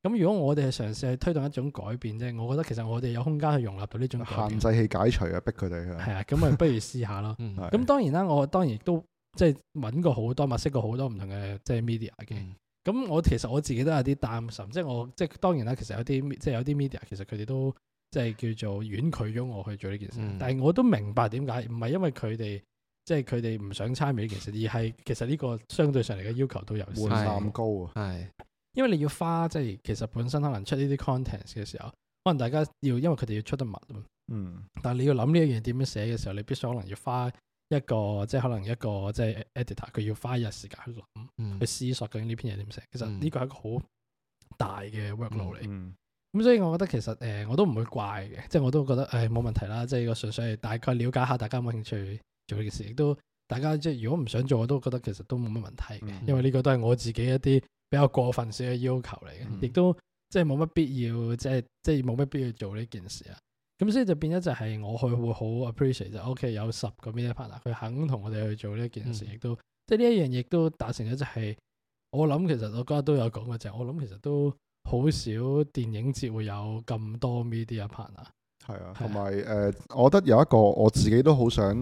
咁如果我哋係嘗試去推動一種改變即係，我覺得其實我哋有空間去容納到呢種限制器解除啊，逼佢哋啊。係啊，咁啊不如試下咯。咁、 嗯、的當然啦，我當然亦都即係揾過好多、物識過好多唔同嘅即係 media 嘅。咁、嗯、我其實我自己都有啲擔心，即係我即係當然啦。其實有啲即係有啲 media 其實佢哋都即係叫做婉拒咗我去做呢件事。嗯、但係我都明白點解，唔係因為佢哋即係佢哋唔想參與呢件事，而係其實呢個相對上嚟嘅要求都有啲高啊。係。因為你要花，即係其實本身可能出呢啲 content 嘅時候，可能大家要因為佢哋要出得密。嗯。但係你要諗呢一樣點樣寫嘅時候，你必須可能要花一個，即係可能一個即係 editor，佢要花一日時間去諗，嗯、去思索究竟呢篇嘢點寫。其實呢個係一個好大嘅 workload 嚟。咁、嗯嗯嗯、所以我覺得其實誒、呃，我都唔會怪嘅，即係我都覺得誒冇、哎、問題啦。即係呢個純粹係大概了解下大，大家有冇興趣做呢件事，亦都大家即係如果唔想做，我都覺得其實都冇乜問題嘅，嗯、因為呢個都係我自己一啲。比較過分少嘅要求嚟嘅，亦都即係冇乜必要，即係即係冇乜必要做呢件事啊！咁所以就變咗就係我去會好 appreciate 就我屋企有十個 media partner，佢肯同我哋去做呢件事，亦、嗯、都即係呢一樣，亦都達成咗就係我諗其實我嗰日都有講過就係我諗其實都好少電影節會有咁多 media partner。係啊，同埋誒，我覺得有一個我自己都好想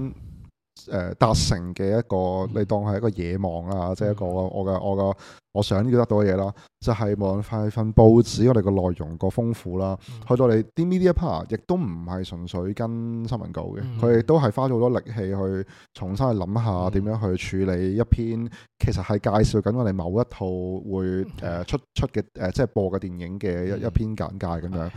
誒達成嘅一個，嗯、你當係一個野望啊，即、就、係、是、一個我嘅我嘅。嗯我想要得到嘅嘢啦，就係無論係份報紙，我哋個內容過豐富啦，去到你啲 media part 亦都唔係純粹跟新聞稿嘅，佢亦都係花咗好多力氣去重新去諗下點樣去處理一篇、嗯、其實係介紹緊我哋某一套會誒出、嗯、出嘅誒即係播嘅電影嘅一、嗯、一篇簡介咁樣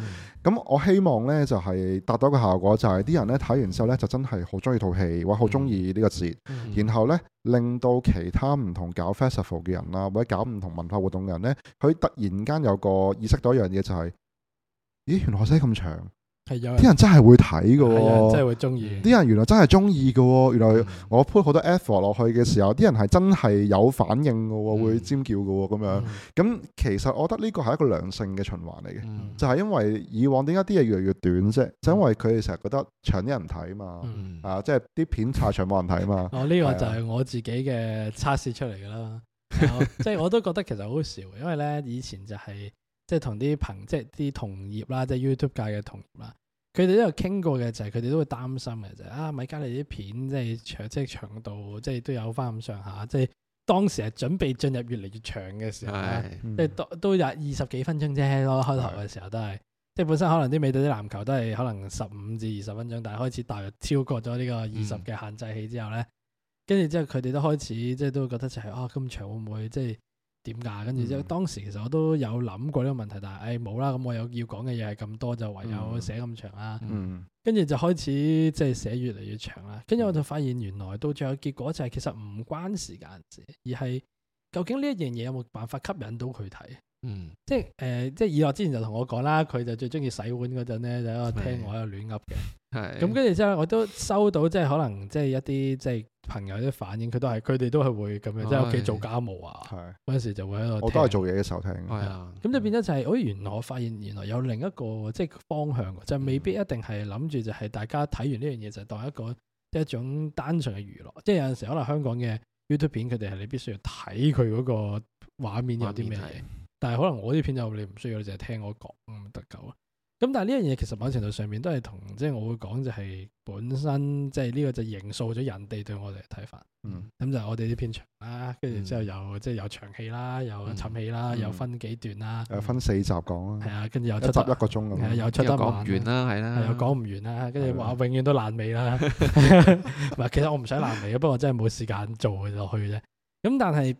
咁、嗯、我希望咧就係達到個效果，就係啲人咧睇完之後咧就真係好中意套戲或者好中意呢個節，嗯嗯、然後咧令到其他唔同搞 festival 嘅人啦或者搞。唔同文化活動嘅人咧，佢突然間有個意識到一樣嘢，就係咦，原來可以咁長，係有啲人真係會睇嘅，真係會中意。啲人原來真係中意嘅，原來我 put 好多 effort 落去嘅時候，啲人係真係有反應嘅，會尖叫嘅，咁樣。咁其實我覺得呢個係一個良性嘅循環嚟嘅，就係因為以往點解啲嘢越嚟越短啫？就因為佢哋成日覺得長啲人睇啊嘛，啊，即係啲片太長冇人睇啊嘛。哦，呢個就係我自己嘅測試出嚟噶啦。即係我都覺得其實好笑，因為咧以前就係即係同啲朋，即係啲同業啦，即係 YouTube 界嘅同業啦，佢哋都有傾過嘅，就係佢哋都會擔心嘅就係。啊，米迦利啲片即係長，即係長度即係都有翻咁上下，即係當時係準備進入越嚟越長嘅時候啦。即係都都廿二十幾分鐘啫，咯開頭嘅時候都係，即係本身可能啲美隊啲籃球都係可能十五至二十分鐘，但係開始大約超過咗呢個二十嘅限制器之後咧。跟住之後，佢哋都開始即係都會覺得就係啊咁長會唔會即係點㗎？跟住之後，當時其實我都有諗過呢個問題，但係誒冇啦。咁、哎嗯、我有要講嘅嘢係咁多，就唯有寫咁長啦、啊。跟住、嗯嗯、就開始即係寫越嚟越長啦。跟住我就發現原來到最後結果就係其實唔關時間事，而係究竟呢一樣嘢有冇辦法吸引到佢睇。嗯，即係誒、呃，即係以諾之前就同我講啦，佢就最中意洗碗嗰陣咧，就喺度聽我喺度亂噏嘅。係咁是，跟住之後我都收到即係可能即係一啲即係朋友啲反應，佢都係佢哋都係會咁樣即係屋企做家務啊。係嗰陣時就會喺度。我都係做嘢嘅時候聽嘅，係啊，咁、啊啊、就變咗就係，哦，原來我發現原來有另一個即係方向，就未必一定係諗住就係大家睇完呢樣嘢就當一個、就係、一種單純嘅娛樂。嗯、即係有陣時可能香港嘅 YouTube 片，佢哋係你必須要睇佢嗰個畫面有啲咩嘢。但係可能我啲片就你唔需要，你淨係聽我講唔得夠啊！咁但係呢樣嘢其實某程度上面都係同即係我會講就係本身即係呢個就形塑咗人哋對我哋嘅睇法。嗯，咁就我哋啲片長啦，跟住之後又即係又長戲啦，又沉戲啦，又分幾段啦，又分四集講啊。係啊，跟住又七集一個鐘咁，又講唔完啦，係啦，又講唔完啦，跟住話永遠都爛尾啦。係，其實我唔想爛尾啊，不過我真係冇時間做落去啫。咁但係。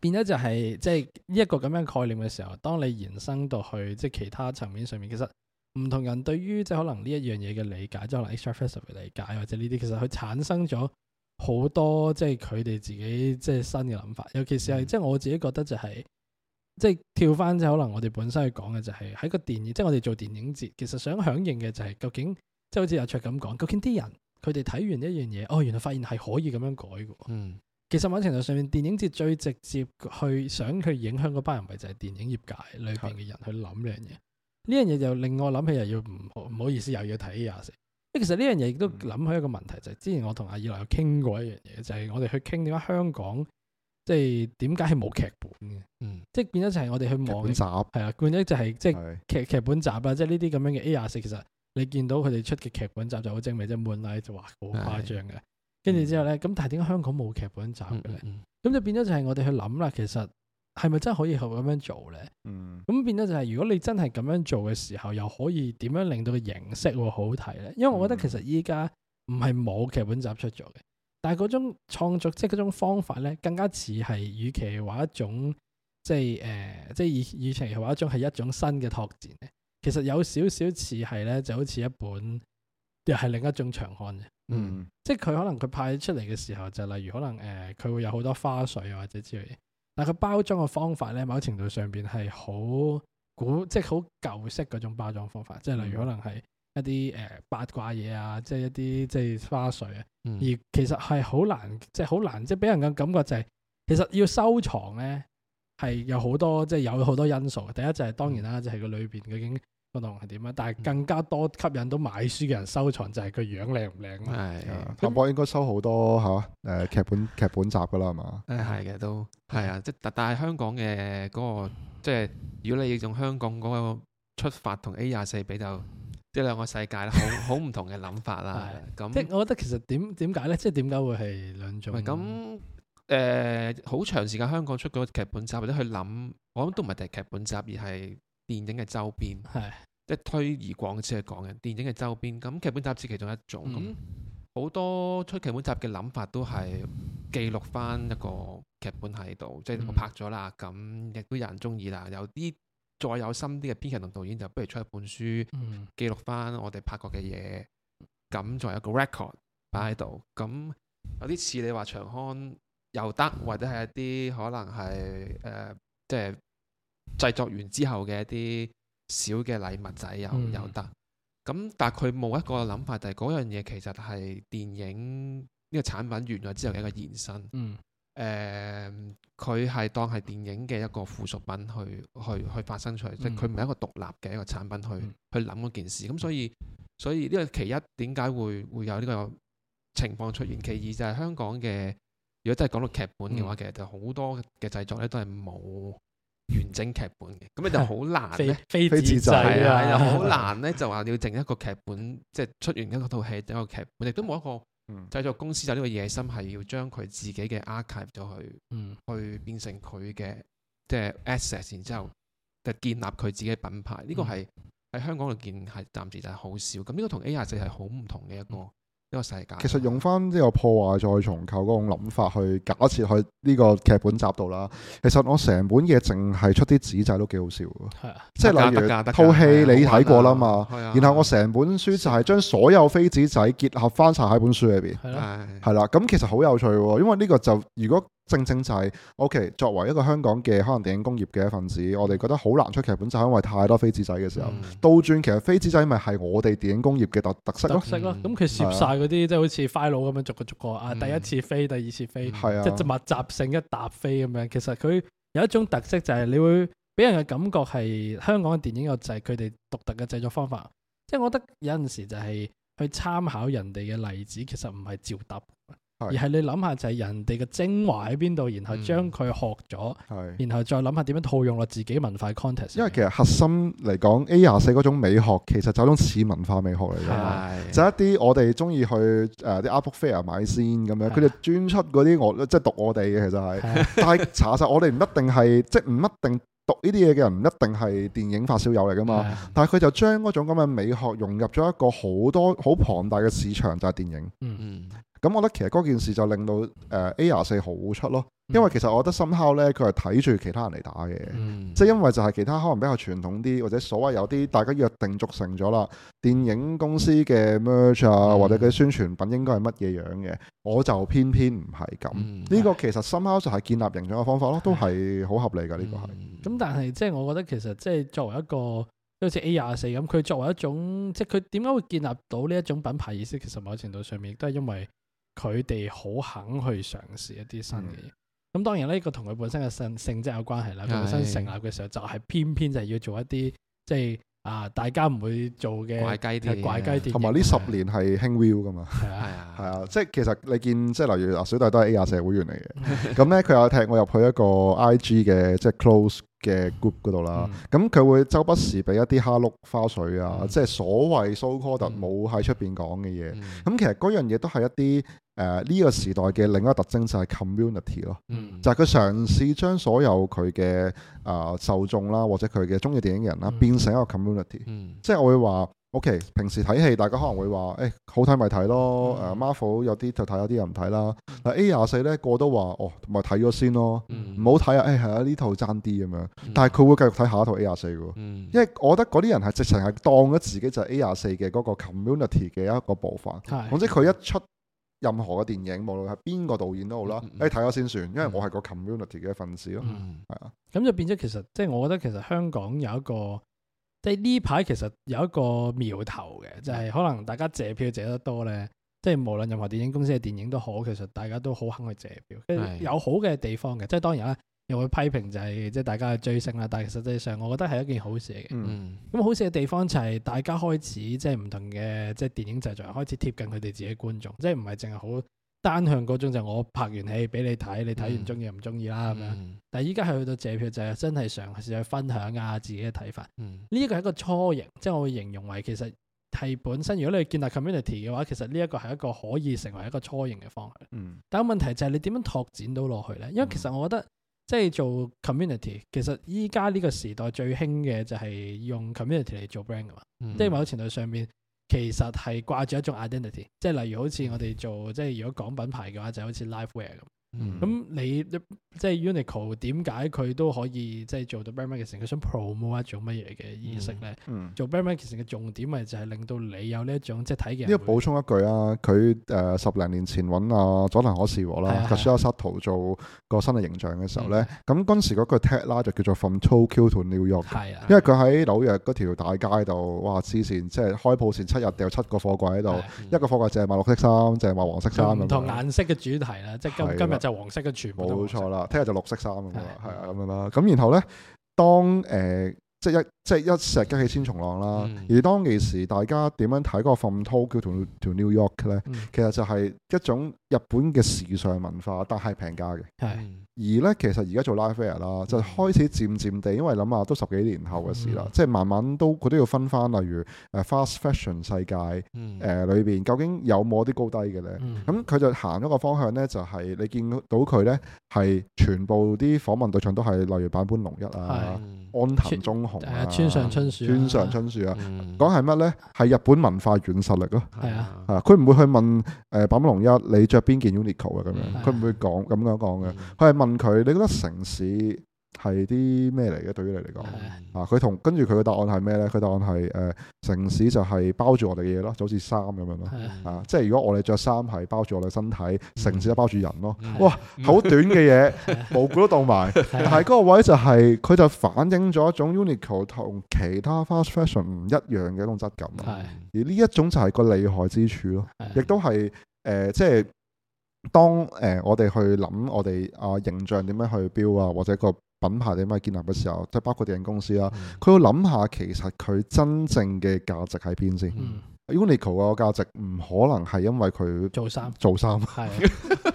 變咗就係即係呢一個咁樣概念嘅時候，當你延伸到去即係其他層面上面，其實唔同人對於即係可能呢一樣嘢嘅理解，即可能 extra festival 嘅理解或者呢啲，其實佢產生咗好多即係佢哋自己即係新嘅諗法。尤其是係即係我自己覺得就係、是、即係跳翻即係可能我哋本身去講嘅就係、是、喺個電影，即係我哋做電影節，其實想響應嘅就係究竟即係好似阿卓咁講，究竟啲人佢哋睇完一樣嘢，哦，原來發現係可以咁樣改嘅。嗯。其實某程度上面，電影節最直接去想去影響嗰班人，咪就係電影業界裏邊嘅人去諗呢樣嘢。呢樣嘢就令我諗起又要唔好，唔好意思，又要睇 A 二四。誒，其實呢樣嘢亦都諗起一個問題，嗯、就係之前我同阿二來有傾過一樣嘢，就係、是、我哋去傾點解香港即係點解係冇劇本嘅。嗯，即係變咗就係我哋去網集，係啊，變咗就係、是、即係劇劇本集啦，即係呢啲咁樣嘅 A 二四，其實你見到佢哋出嘅劇本集就好精美，即係 Moonlight 就話好誇張嘅。跟住之後咧，咁但係點解香港冇劇本集嘅咧？咁、嗯嗯嗯、就變咗就係我哋去諗啦，其實係咪真係可以去咁樣做咧？咁、嗯、變咗就係如果你真係咁樣做嘅時候，又可以點樣令到個形式會好睇咧？因為我覺得其實依家唔係冇劇本集出咗嘅，但係嗰種創作即係嗰種方法咧，更加似係與其話一種即係誒，即係與與其話一種係一種新嘅拓展咧。其實有少少似係咧，就好似一本又係另一種長看嘅。嗯，即係佢可能佢派出嚟嘅時候，就例如可能誒，佢、呃、會有好多花絮啊，或者之類嘢。但係佢包裝嘅方法咧，某程度上邊係好古，即係好舊式嗰種包裝方法。即係例如可能係一啲誒、呃、八卦嘢啊，即係一啲即係花絮啊。嗯、而其實係好難、就係、難，即係好難，即係俾人嘅感覺就係、是、其實要收藏咧係有好多，即係有好多因素。第一就係當然啦，嗯、就係個裏邊究竟。唔同係點啊？但係更加多吸引到買書嘅人收藏，就係佢樣靚唔靚啊？係，譚博應該收好多吓，誒，劇本劇本集噶啦，係嘛？誒，係嘅都係啊，即係但但係香港嘅嗰個即係，如果你要用香港嗰個出發同 A 廿四比較，呢、就、兩、是、個世界咧，好好唔同嘅諗法啦。咁 的那即係我覺得其實點點解咧？即係點解會係兩種？咁誒，好、呃、長時間香港出嗰個劇本集，或者去諗，我諗都唔係第劇本集，而係。電影嘅周邊，係即係推而廣之嚟講嘅。電影嘅周邊，咁劇本集是其中一種。咁好、嗯、多出劇本集嘅諗法都係記錄翻一個劇本喺度，嗯、即係我拍咗啦，咁亦都有人中意啦。有啲再有心啲嘅編劇同導演就不如出一本書，嗯、記錄翻我哋拍過嘅嘢，咁作為一個 record 擺喺度。咁有啲似你話場刊又得，或者係一啲可能係誒，即、呃、係。就是製作完之後嘅一啲小嘅禮物仔又又得，咁、嗯、但係佢冇一個諗法，就係嗰樣嘢其實係電影呢個產品完咗之後嘅一個延伸。嗯，佢係、呃、當係電影嘅一個附屬品去去去發生出嚟，嗯、即係佢唔係一個獨立嘅一個產品去、嗯、去諗嗰件事。咁所以所以呢個其一，點解會會有呢個情況出現？其二就係香港嘅，如果真係講到劇本嘅話，其實、嗯、就好多嘅製作咧都係冇完整劇本嘅，咁你就好難咧，非自製啊，又好 難咧，就話要整一個劇本，即、就、係、是、出完一個套戲，整一個劇本。亦都冇一個製作公司、嗯、就呢個野心，係要將佢自己嘅 archive 咗去，嗯、去變成佢嘅即係 assets，然之後就建立佢自己品牌。呢、這個係喺、嗯、香港嘅件係暫時就係好少。咁呢個 AR 同 A24 係好唔同嘅一個。嗯嗯呢個世界，其實用翻呢個破壞再重構嗰種諗法去假設去呢個劇本集度啦。其實我成本嘢淨係出啲紙仔都幾好笑，即係例如套戲你睇過啦嘛，然後我成本書就係將所有飛紙仔結合翻晒喺本書裏邊，係啦，咁其實好有趣，因為呢個就如果。正正就係、是、OK，作為一個香港嘅可能電影工業嘅一份子，我哋覺得好難出劇本，就係因為太多飛紙仔嘅時候。嗯、倒轉，其實飛紙仔咪係我哋電影工業嘅特特色咯。咁佢攝晒嗰啲即係好似 file 咁樣逐個逐個啊，嗯、第一次飛，第二次飛，嗯、即係密集性一沓飛咁樣。其實佢有一種特色就係你會俾人嘅感覺係香港嘅電影有就係佢哋獨特嘅製作方法。即係我覺得有陣時就係去參考人哋嘅例子，其實唔係照搭。而係你諗下，就係人哋嘅精華喺邊度，然後將佢學咗，然後再諗下點樣套用落自己文化 context。因為其實核心嚟講，A 廿四嗰種美學，其實就一種次文化美學嚟嘅，就一啲我哋中意去誒啲 art book fair 買先咁樣，佢哋專出嗰啲我即係讀我哋嘅其實係，但係查實我哋唔一定係，即係唔一定讀呢啲嘢嘅人唔一定係電影發燒友嚟噶嘛，但係佢就將嗰種咁嘅美學融入咗一個好多好龐大嘅市場，就係電影。嗯嗯。咁我覺得其實嗰件事就令到誒、呃、A24 好出咯，因為其實我覺得 somehow 咧佢係睇住其他人嚟打嘅，嗯、即係因為就係其他可能比較傳統啲或者所謂有啲大家約定俗成咗啦，電影公司嘅 merch 啊、嗯、或者佢嘅宣傳品應該係乜嘢樣嘅，我就偏偏唔係咁。呢、嗯、個其實 somehow 就係建立形象嘅方法咯，都係好合理嘅呢、嗯、個係。咁、嗯、但係即係我覺得其實即係作為一個，好似 A24 咁，佢作為一種即係佢點解會建立到呢一種品牌意識？其實某程度上面亦都係因為。佢哋好肯去嘗試一啲新嘅嘢，咁、嗯、當然呢、這個同佢本身嘅性性質有關係啦。佢本身成立嘅時候就係、是、偏偏就要做一啲即係啊，大家唔會做嘅怪雞啲，怪雞啲。同埋呢十年係興 view 噶嘛，係、嗯、 啊，係啊，即係其實你見即係例如啊，小弟都係 AIA 社會員嚟嘅，咁咧佢有踢我入去一個 I G 嘅即係 close 嘅 group 嗰度啦，咁佢、嗯、會周不時俾一啲哈碌花絮啊，嗯、即係所謂、so、called, s o c a l 特冇喺出邊講嘅嘢。咁、嗯、其實嗰樣嘢都係一啲誒呢個時代嘅另一個特徵就係 community 咯，嗯、就係佢嘗試將所有佢嘅啊受眾啦，或者佢嘅中意電影嘅人啦，嗯、變成一個 community。嗯，即係我會話。O K，平時睇戲，大家可能會話：誒好睇咪睇咯，誒 Marvel 有啲就睇，有啲又唔睇啦。但 A 廿四咧，個都話：哦，同埋睇咗先咯，唔好睇啊！誒係啊，呢套爭啲咁樣，但係佢會繼續睇下一套 A 廿四嘅。因為我覺得嗰啲人係直情係當咗自己就係 A 廿四嘅嗰個 community 嘅一個部分。總之佢一出任何嘅電影，無論係邊個導演都好啦，誒睇咗先算，因為我係個 community 嘅一份子咯。係啊，咁就變咗其實，即係我覺得其實香港有一個。即係呢排其實有一個苗頭嘅，就係、是、可能大家借票借得多咧，即係無論任何電影公司嘅電影都好，其實大家都好肯去借票。有好嘅地方嘅，即係當然啦，又會批評就係即係大家去追星啦。但係實際上，我覺得係一件好事嚟嘅。咁、嗯、好事嘅地方就係大家開始即係唔同嘅即係電影製作人開始貼近佢哋自己觀眾，即係唔係淨係好。單向嗰種就我拍完戲俾你睇，你睇完中意唔中意啦咁樣。但係依家係去到借票就係真係嘗試去分享啊，自己嘅睇法。呢一、嗯、個係一個初型，即係我會形容為其實係本身。如果你建立 community 嘅話，其實呢一個係一個可以成為一個初型嘅方向。嗯、但係問題就係你點樣拓展到落去咧？因為其實我覺得、嗯、即係做 community，其實依家呢個時代最興嘅就係用 community 嚟做 brand 噶嘛，嗯、即係某程度上面。其實係掛住一種 identity，即係例如好似我哋做即係如果講品牌嘅話，就係、好似 Lifestyle 咁。咁你即係 Uniqlo 點解佢都可以即係做到 brand marketing 佢想 promote 做乜嘢嘅意識咧？做 brand marketing 嘅重點咪就係令到你有呢一種即係睇嘅。呢個補充一句啊，佢誒十零年前揾阿佐藤可士和啦，Joshua Tut 做個新嘅形象嘅時候咧，咁嗰時嗰個 tag 啦就叫做 From Tokyo to New York。係啊，因為佢喺紐約嗰條大街度，哇！黐線！之前即係開鋪前七日掉七個貨櫃喺度，一個貨櫃淨係賣綠色衫，淨係賣黃色衫，唔同顏色嘅主題啦，即係今今日。就黃色嘅全部冇錯啦，聽日就綠色衫，咁係啊咁樣啦。咁然後咧，當誒、呃、即係一即係一石激起千重浪啦。嗯、而當其時，大家點樣睇個糞濤叫做條 New York 咧？嗯、其實就係一種日本嘅時尚文化，但係平價嘅。係。而咧，其實而家做 live fair 啦，嗯、就開始漸漸地，因為諗下都十幾年後嘅事啦，嗯、即係慢慢都佢都要分返，例如誒 fast fashion 世界誒裏邊，究竟有冇啲高低嘅咧？咁佢，嗯、就行咗個方向咧，就係、是，你見到佢咧，係全部啲訪問對象都係例如坂本龍一啊。嗯啊安藤忠雄、啊、村上春樹、啊，村上春樹啊，嗯、講係乜咧？係日本文化軟實力咯。係啊，佢唔、啊啊、會去問誒、呃、品龍一，你着邊件 uniqlo 啊？咁樣，佢唔會講咁樣講嘅。佢係、啊、問佢，你覺得城市係啲咩嚟嘅？對於你嚟講，的啊，佢同跟住佢嘅答案係咩咧？佢答案係誒、呃，城市就係包住我哋嘅嘢咯，就好似衫咁樣咯，的啊，即係如果我哋着衫係包住我哋身體，嗯、城市都包住人咯。的哇，好短嘅嘢，毛估 的都到埋，的但係嗰個位就係、是、佢就反映咗一種 Uniqlo 同其他 fast fashion 唔一樣嘅一種質感。係的而呢一種就係個厲害之處咯，的的亦都係誒，即、呃、係、呃、當誒我哋去諗我哋啊形象點樣去標啊，或者、那個。品牌點樣建立嘅時候，即係包括電影公司啦，佢要諗下，其實佢真正嘅價值喺邊先。Uniqlo 嘅價值唔可能係因為佢做衫，做衫係，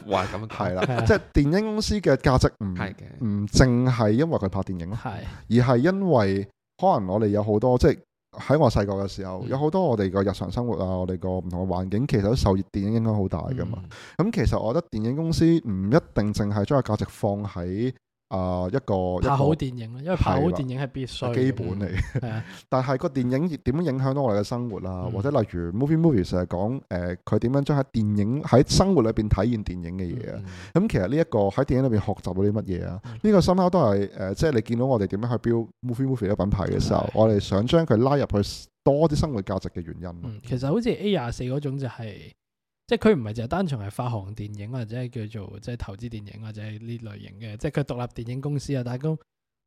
咁係啦。即係電影公司嘅價值唔係嘅，唔淨係因為佢拍電影咯，而係因為可能我哋有好多即係喺我細個嘅時候，有好多我哋個日常生活啊，我哋個唔同嘅環境，其實都受熱電影影響好大噶嘛。咁其實我覺得電影公司唔一定淨係將個價值放喺。啊、呃，一個好電影咧，個因為拍好電影係必須基本嚟。係啊、嗯，但係個電影點樣影響到我哋嘅生活啦？嗯、或者例如 Movie Movie 成日講誒，佢點樣將喺電影喺生活裏邊體驗電影嘅嘢啊？咁、嗯嗯嗯、其實呢、這、一個喺電影裏邊學習到啲乜嘢啊？呢、嗯、個深刻都係誒，即、呃、係、就是、你見到我哋點樣去 build Movie Movie 嘅品牌嘅時候，的我哋想將佢拉入去多啲生活價值嘅原因、嗯。其實好似 A 廿四嗰種就係、是。即係佢唔係就係單純係發行電影，或者係叫做即係投資電影，或者係呢類型嘅，即係佢獨立電影公司啊。但係咁，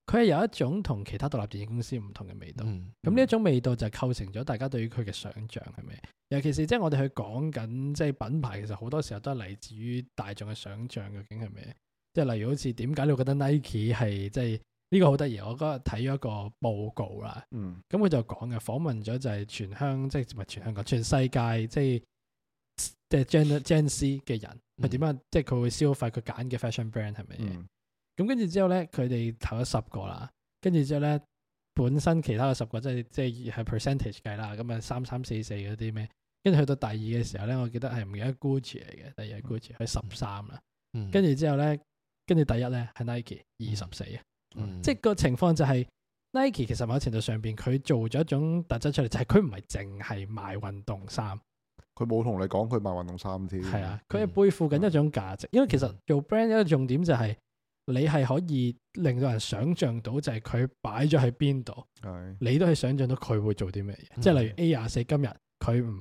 佢係有一種同其他獨立電影公司唔同嘅味道。咁呢一種味道就構成咗大家對於佢嘅想象係咩？尤其是即係我哋去講緊即係品牌，其實好多時候都係嚟自於大眾嘅想象，究竟係咩？即係例如好似點解你會覺得 Nike 係即係、這、呢個好得意？我嗰日睇咗一個報告啦，咁佢、嗯、就講嘅，訪問咗就係全香，即係唔係全香港，全世界即係。即係 Gen Z 嘅人，佢點啊？即係佢會消費佢揀嘅 fashion brand 係咪？咁跟住之後咧，佢哋投咗十個啦，跟住之後咧，本身其他嘅十個即係即係係 percentage 計啦，咁啊三三四四嗰啲咩？跟住去到第二嘅時候咧，我記得係唔記得 Gucci 嚟嘅，第二 Gucci 係十三、嗯、啦。跟住、嗯、之後咧，跟住第一咧係 Nike，二十四啊。Ike, 嗯嗯、即係個情況就係、是、Nike 其實某程度上邊佢做咗一種特質出嚟，就係佢唔係淨係賣運動衫。佢冇同你講佢賣運動衫添。係啊，佢係背負緊一種價值，因為其實做 brand 一個重點就係你係可以令到人想像到就係佢擺咗喺邊度，你都係想像到佢會做啲咩嘢。即係例如 A 廿四今日佢唔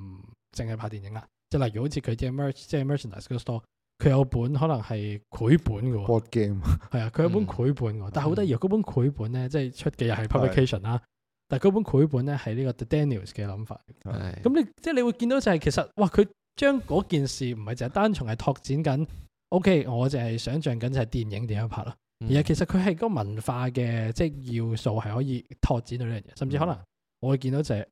淨係拍電影啦，即係例如好似佢啲 merch，即係 merchandise store，佢有本可能係繪本嘅喎。Board game 係啊，佢有本繪本嘅，但係好得意，而嗰本繪本咧，即係出嘅又係 publication 啦。但係嗰本繪本咧係呢個 The Daniels 嘅諗法，咁的你即係你會見到就係、是、其實哇，佢將嗰件事唔係淨係單純係拓展緊，OK，我就係想象緊就係電影點樣拍咯，嗯、而係其實佢係個文化嘅即係要素係可以拓展到呢樣嘢，甚至可能我會見到就係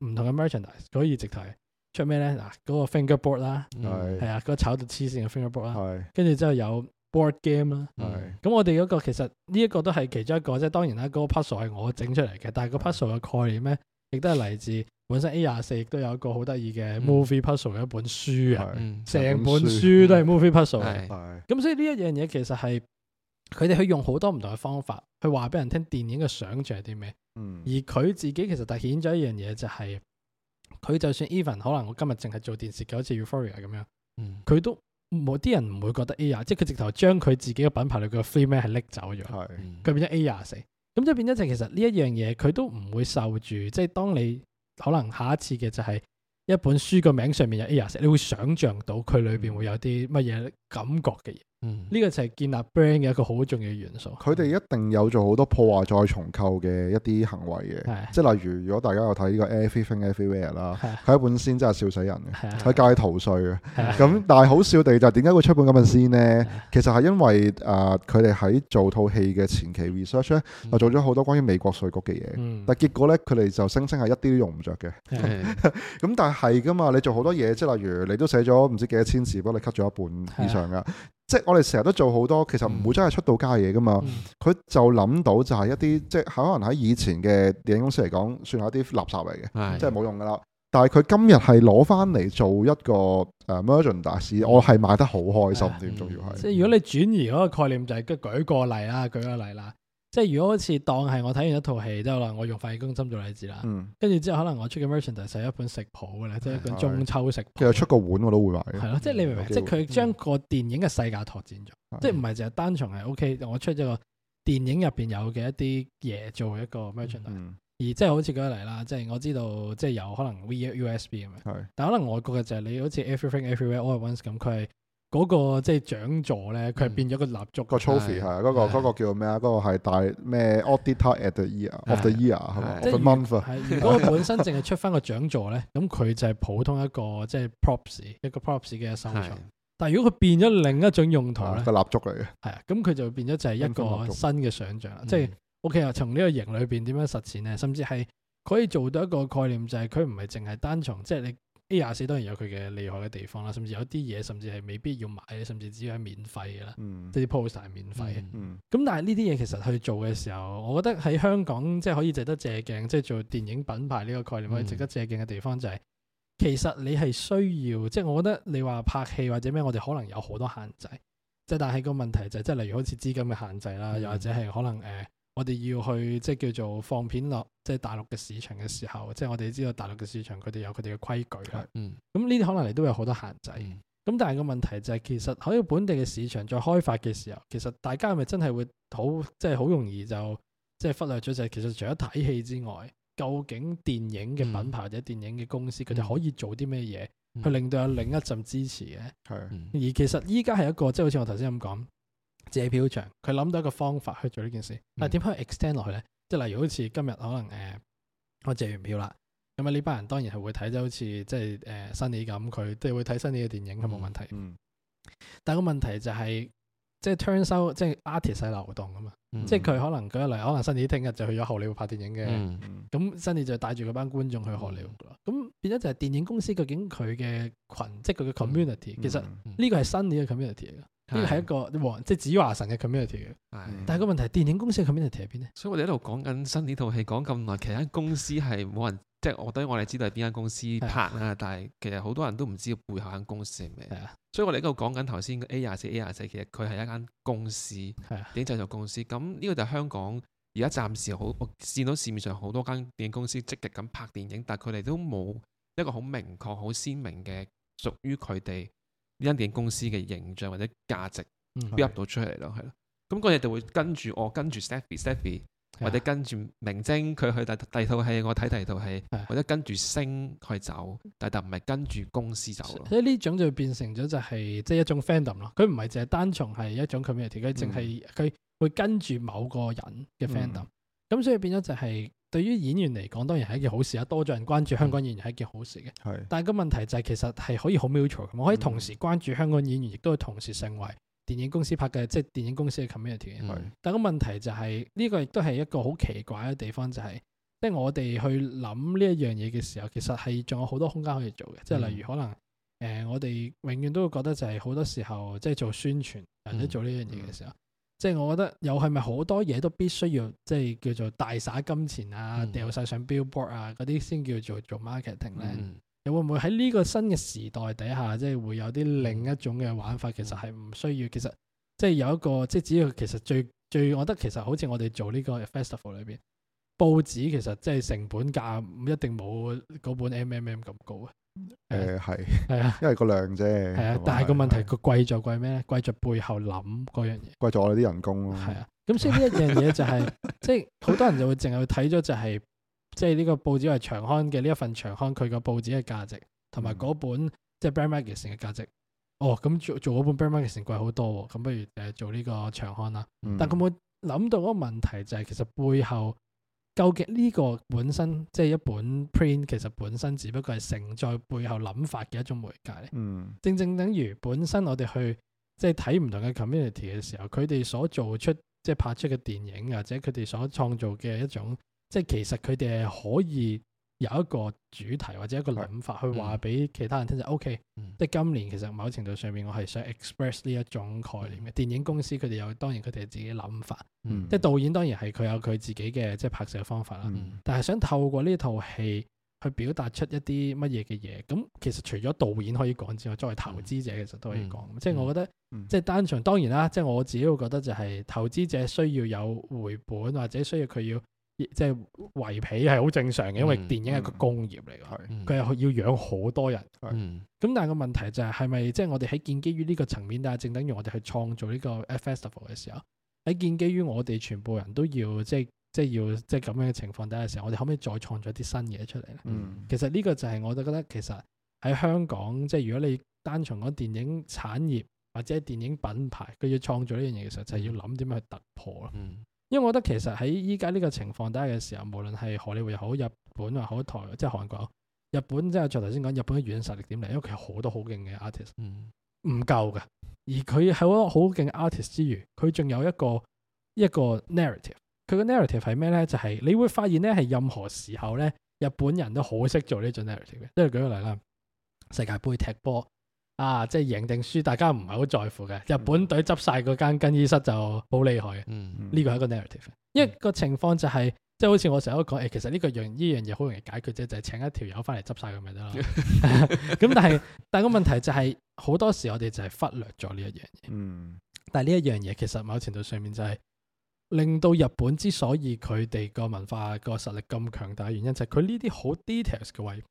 唔同嘅 merchandise 可以直睇出咩咧嗱，嗰、那個 fingerboard 啦，係啊的，嗰、嗯那個炒到黐線嘅 fingerboard 啦，跟住之後有。board game 啦的，咁、嗯、我哋嗰個其實呢一個都係其中一個，即係當然啦，嗰、那個 puzzle 係我整出嚟嘅，但係個 puzzle 嘅概念咧，亦都係嚟自本身 A24 亦都有一個好得意嘅 movie、嗯、puzzle 嘅一本書啊，成的本書都係 movie puzzle，咁所以呢一樣嘢其實係佢哋去用好多唔同嘅方法去話俾人聽電影嘅想象係啲咩，嗯、而佢自己其實凸顯咗一樣嘢就係、是、佢就算 even 可能我今日淨係做電視嘅好似 Euphoria 咁樣，佢、嗯、都。冇啲人唔會覺得 A r 即係佢直頭將佢自己嘅品牌嚟嘅 FreeMan 係拎走咗，佢、嗯、變咗 A24，咁即係變咗就其實呢一樣嘢佢都唔會受住，即、就、係、是、當你可能下一次嘅就係一本書個名上面有 A24，你會想象到佢裏邊會有啲乜嘢。感覺嘅嘢，呢個就係建立 brand 嘅一個好重要元素。佢哋一定有做好多破壞再重構嘅一啲行為嘅，即係例如，如果大家有睇呢個《Everything Everywhere》啦，佢一本先真係笑死人嘅，佢教你逃稅嘅。咁但係好笑地就係點解會出本咁嘅先呢？其實係因為誒佢哋喺做套戲嘅前期 research 咧，就做咗好多關於美國稅局嘅嘢。但係結果咧，佢哋就聲稱係一啲都用唔着嘅。咁但係係㗎嘛？你做好多嘢，即係例如你都寫咗唔知幾多千字，不過你 cut 咗一半以上噶，即係我哋成日都做好多，其實唔會真係出到街嘢噶嘛。佢、嗯、就諗到就係一啲，即係可能喺以前嘅電影公司嚟講，算係一啲垃圾嚟嘅，嗯、即係冇用噶啦。但係佢今日係攞翻嚟做一個誒 merchandise，我係買得好開心。點重、哎嗯、要係？即係如果你轉移嗰個概念，就係即係舉個例啦，舉個例啦。即係如果好似當係我睇完一套戲，即係話我用飯戲攻心做例子啦，跟住、嗯、之後可能我出嘅 merchandise 係一本食譜嘅咧，嗯、即係一本中秋食譜。佢有出個碗我都會買嘅。係咯，即係你明，唔明？即係佢將個電影嘅世界拓展咗，嗯、即係唔係淨係單純係 O K，我出咗個電影入邊有嘅一啲嘢，做一個 merchandise、嗯、而即係好似嗰一嚟啦，即係我知道即係有可能 V U S B 咁樣，但可能外國嘅就係你好似 everything everywhere all at once 咁佢。嗰個即係獎座咧，佢係變咗個蠟燭。個 trophy 係啊，嗰個叫咩啊？嗰個係大咩？Auditor at the year of the year 係嘛？即係 month 如果本身淨係出翻個獎座咧，咁佢就係普通一個即係 props，一個 props 嘅收藏。但係如果佢變咗另一種用途咧，個蠟燭嚟嘅。係啊，咁佢就變咗就係一個新嘅想像。即係 OK 啊，從呢個型裏邊點樣實踐咧？甚至係可以做到一個概念，就係佢唔係淨係單從即係你。A 廿四當然有佢嘅厲害嘅地方啦，甚至有啲嘢甚至係未必要買，甚至只有係免費嘅啦。即啲 poster 係免費嘅。咁、嗯嗯、但係呢啲嘢其實去做嘅時候，我覺得喺香港即係可以值得借鏡，即係做電影品牌呢個概念可以值得借鏡嘅地方就係、是嗯、其實你係需要即係我覺得你話拍戲或者咩，我哋可能有好多限制，即係但係個問題就係、是、即係例如好似資金嘅限制啦，又或者係可能誒。嗯呃我哋要去即係叫做放片落即係大陸嘅市場嘅時候，即係我哋知道大陸嘅市場，佢哋有佢哋嘅規矩。嗯，咁呢啲可能嚟都有好多限制。咁、嗯、但係個問題就係、是，其實喺本地嘅市場再開發嘅時候，其實大家係咪真係會好即係好容易就即係忽略咗，就係其實除咗睇戲之外，究竟電影嘅品牌、嗯、或者電影嘅公司，佢哋、嗯、可以做啲咩嘢去令到有另一陣支持嘅？係，而其實依家係一個即係好似我頭先咁講。借票場，佢諗到一個方法去做呢件事，但係點可以 extend 落去咧？即係、嗯、例如好似今日可能誒、呃，我借完票啦，咁啊呢班人當然係會睇咗，好似即係誒新李咁，佢即係會睇新李嘅電影，佢冇問題。嗯嗯、但係個問題就係、是，即係 turn 收，即係 artist 係流動噶嘛，嗯、即係佢可能舉例，可能新李聽日就去咗荷里活拍電影嘅，咁新李就帶住嗰班觀眾去荷里活咯。咁、嗯、變咗就係電影公司究竟佢嘅群，即係佢嘅 community，、嗯、其實呢個係新李嘅 community 嚟噶、嗯。嗯嗯呢個係一個黃即係紫華神嘅 community 嘅的，但係個問題，電影公司嘅 community 喺邊咧？所以我哋喺度講緊新年套戲講咁耐，其實間公司係冇人，即係我對於我哋知道係邊間公司拍啦，的但係其實好多人都唔知背後間公司係咩。的所以我哋喺度講緊頭先 A 廿四 A 廿四，其實佢係一間公司，電影的製作公司。咁呢個就係香港而家暫時好，我見到市面上好多間電影公司積極咁拍電影，但係佢哋都冇一個好明確、好鮮明嘅屬於佢哋。呢間電影公司嘅形象或者價值 build 到出嚟咯，係咯。咁嗰嘢就會跟住我跟住 Stephy Stephy，或者跟住明晶佢去第第二套戲，我睇第二套戲，是或者跟住星去走，但係唔係跟住公司走咯。所以呢種就變成咗就係即係一種 fandom 咯。佢唔係淨係單從係一種 community，佢淨係佢會跟住某個人嘅 fandom 咁、嗯、所以變咗就係、是。對於演員嚟講，當然係一件好事啊！多咗人關注香港演員係一件好事嘅。係、嗯。但係個問題就係、是、其實係可以好 mutual 嘅，我可以同時關注香港演員，亦都同時成為電影公司拍嘅即係電影公司嘅 community。嗯。但係個問題就係、是、呢、這個亦都係一個好奇怪嘅地方，就係、是、即係我哋去諗呢一樣嘢嘅時候，其實係仲有好多空間可以做嘅。即係例如可能誒、呃，我哋永遠都會覺得就係好多時候即係做宣傳或者做呢樣嘢嘅時候。嗯嗯即係我覺得又係咪好多嘢都必須要即係叫做大灑金錢啊，掉晒、嗯、上 billboard 啊嗰啲先叫做做 marketing 咧？又、嗯、會唔會喺呢個新嘅時代底下，即係會有啲另一種嘅玩法？其實係唔需要，其實即係有一個即係只要其實最最，我覺得其實好似我哋做呢個 festival 裏邊報紙其實即係成本價唔一定冇嗰本、MM、M M M 咁高嘅。誒係係啊，因為個量啫。係啊，但係個問題貴貴，佢貴就貴咩咧？貴在背後諗嗰樣嘢，貴在我哋啲人工咯。係啊，咁所以呢一樣嘢就係、是，即係好多人就會淨係睇咗就係、是，即係呢個報紙係長刊嘅呢一份長刊，佢個報紙嘅價值，同埋嗰本即係 brand magazine 嘅價值。哦，咁做做嗰本 brand magazine 貴好多，咁不如誒做呢個長刊啦。但佢冇諗到嗰個問題就係、是，其實背後。究竟呢個本身即一本 print，其實本身只不過係承載背後諗法嘅一種媒介。嗯，正正等於本身我哋去即係睇唔同嘅 community 嘅時候，佢哋所做出即係拍出嘅電影，或者佢哋所創造嘅一種，即其實佢哋係可以。有一個主題或者一個諗法去話俾其他人聽就 OK，即係今年其實某程度上面，我係想 express 呢一種概念嘅。嗯、電影公司佢哋有當然佢哋自己諗法，嗯、即係導演當然係佢有佢自己嘅、嗯、即係拍攝方法啦。嗯、但係想透過呢套戲去表達出一啲乜嘢嘅嘢。咁其實除咗導演可以講之外，作為投資者其實都可以講。嗯、即係我覺得、嗯嗯、即係單純當然啦，即係我自己會覺得就係投資者需要有回本或者需要佢要。即係圍皮係好正常嘅，因為電影係個工業嚟嘅，佢係、嗯、要養好多人。咁、嗯、但係個問題就係、是，係咪即係我哋喺建基於呢個層面底下，正等於我哋去創造呢個 festival 嘅時候，喺建基於我哋全部人都要即係即係要即係咁樣嘅情況底下嘅時候，我哋可唔可以再創造啲新嘢出嚟咧？嗯、其實呢個就係我都覺得，其實喺香港，即、就、係、是、如果你單純講電影產業或者係電影品牌，佢要創造呢樣嘢嘅時候，就係、是、要諗點樣去突破咯。嗯因為我覺得其實喺依家呢個情況底下嘅時候，無論係荷里活又好，日本又好，台即係韓國，日本即係再頭先講，日本嘅語言實力點嚟？因為佢有好多好勁嘅 artist，唔夠㗎。而佢係一個好勁嘅 artist 之餘，佢仲有一個一個 narrative。佢嘅 narrative 係咩咧？就係、是、你會發現咧，係任何時候咧，日本人都好識做呢種 narrative。即係舉個例啦，世界盃踢波。啊！即係贏定輸，大家唔係好在乎嘅。日本隊執晒嗰間更衣室就好厲害嘅。嗯，呢個係一個 narrative。因為個情況就係，即係好似我成日都講，誒，其實呢個樣呢樣嘢好容易解決啫，就係請一條友翻嚟執晒咁咪得咯。咁但係，但係個問題就係好多時我哋就係忽略咗呢一樣嘢。嗯。但係呢一樣嘢其實某程度上面就係令到日本之所以佢哋個文化個實力咁強大嘅原因，就係佢呢啲好 details 嘅位，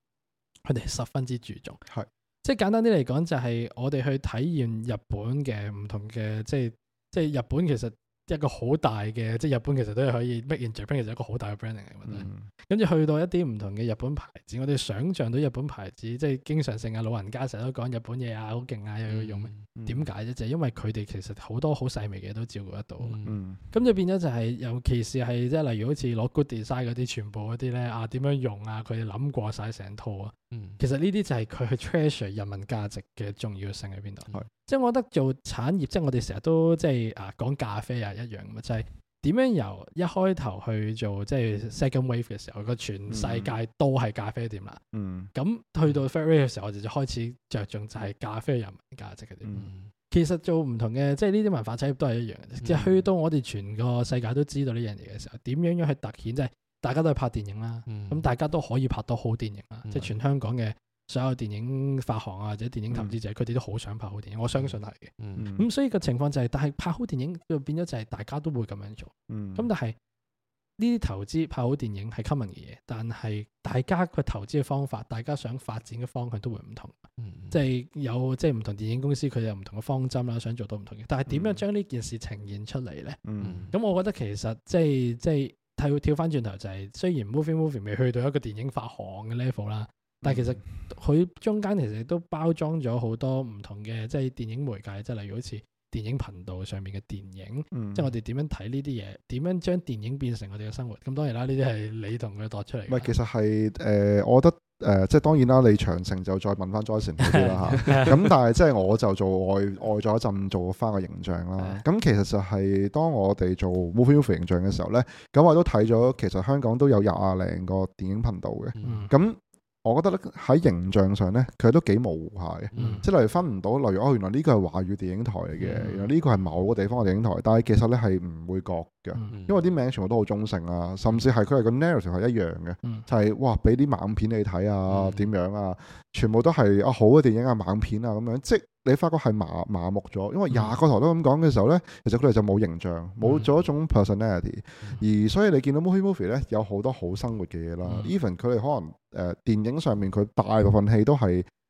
佢哋十分之注重。係。即係簡單啲嚟講，就係我哋去體驗日本嘅唔同嘅，即係即係日本其實一個好大嘅，即係日本其實都係可以 made in Japan 其實一個好大嘅 branding 嚟嘅問、嗯、題。跟住去到一啲唔同嘅日本牌子，我哋想象到日本牌子，即係經常性啊老人家成日都講日本嘢啊好勁啊，又要、啊、用點解咧？就係、嗯嗯、因為佢哋其實好多好細微嘅嘢都照顧得到。咁、嗯嗯、就變咗就係、是，尤其是係即係例如好似攞 good design 嗰啲，全部嗰啲咧啊點樣用啊？佢哋諗過晒成套啊！嗯，其實呢啲就係佢去 treasure 人民價值嘅重要性喺邊度？即係、嗯、我覺得做產業，即、就、係、是、我哋成日都即、就、係、是、啊講咖啡啊一樣嘅，就係、是、點樣由一開頭去做即係、就、second、是、wave 嘅時候，個全世界都係咖啡店啦。嗯，咁、嗯、去到 third 嘅時候，我哋就開始着重就係咖啡人文價值嗰啲。嗯、其實做唔同嘅，即係呢啲文化產業都係一樣即係、就是、去到我哋全個世界都知道呢樣嘢嘅時候，點樣樣去突顯就係、是。大家都係拍電影啦，咁、嗯、大家都可以拍到好電影啦。嗯、即係全香港嘅所有電影發行啊，或者電影投資者，佢哋、嗯、都好想拍好電影。我相信係嘅。咁、嗯嗯、所以個情況就係、是，但係拍好電影就變咗就係，大家都會咁樣做。咁、嗯、但係呢啲投資拍好電影係 common 嘅嘢，但係大家嘅投資嘅方法，大家想發展嘅方向都會唔同。即係、嗯、有即係唔同電影公司，佢有唔同嘅方針啦，想做到唔同嘅。但係點樣將呢件事呈現出嚟呢？咁、嗯嗯嗯、我覺得其實即係即係。係會跳翻轉頭、就係，就係雖然 mo movie movie 未去到一個電影發行嘅 level 啦，嗯、但其實佢中間其實都包裝咗好多唔同嘅，即、就、係、係、電影媒介，即係例如好似。電影頻道上面嘅電影，嗯、即係我哋點樣睇呢啲嘢，點樣將電影變成我哋嘅生活。咁當然啦，呢啲係你同佢度出嚟。唔係，其實係誒、呃，我覺得誒、呃，即係當然啦。你長城就再問翻莊 Sir 嗰啲啦嚇。咁、 啊、但係即係我就做外外咗一陣，做翻個形象啦。咁 其實就係當我哋做 m o v i e 形象嘅時候咧，咁、嗯、我都睇咗，其實香港都有廿零個電影頻道嘅。咁、嗯我覺得咧，喺形象上咧，佢都幾模糊下嘅，即係、嗯、例如分唔到，例如哦，原來呢個係華語電影台嚟嘅，嗯、原來呢個係某個地方嘅電影台，但係其實咧係唔會覺。因為啲名全部都好忠誠啊，甚至係佢哋嘅 narrative 係一樣嘅，嗯、就係、是、哇，俾啲猛片你睇啊，點、嗯、樣啊，全部都係啊好嘅電影啊猛片啊咁樣，即你發覺係麻麻木咗，因為廿個台都咁講嘅時候咧，其實佢哋就冇形象，冇咗一種 personality，嗯、而所以你見到 MOViE MOViE 咧有好多好生活嘅嘢啦，even 佢哋可能誒、呃、電影上面佢大部分戲都係。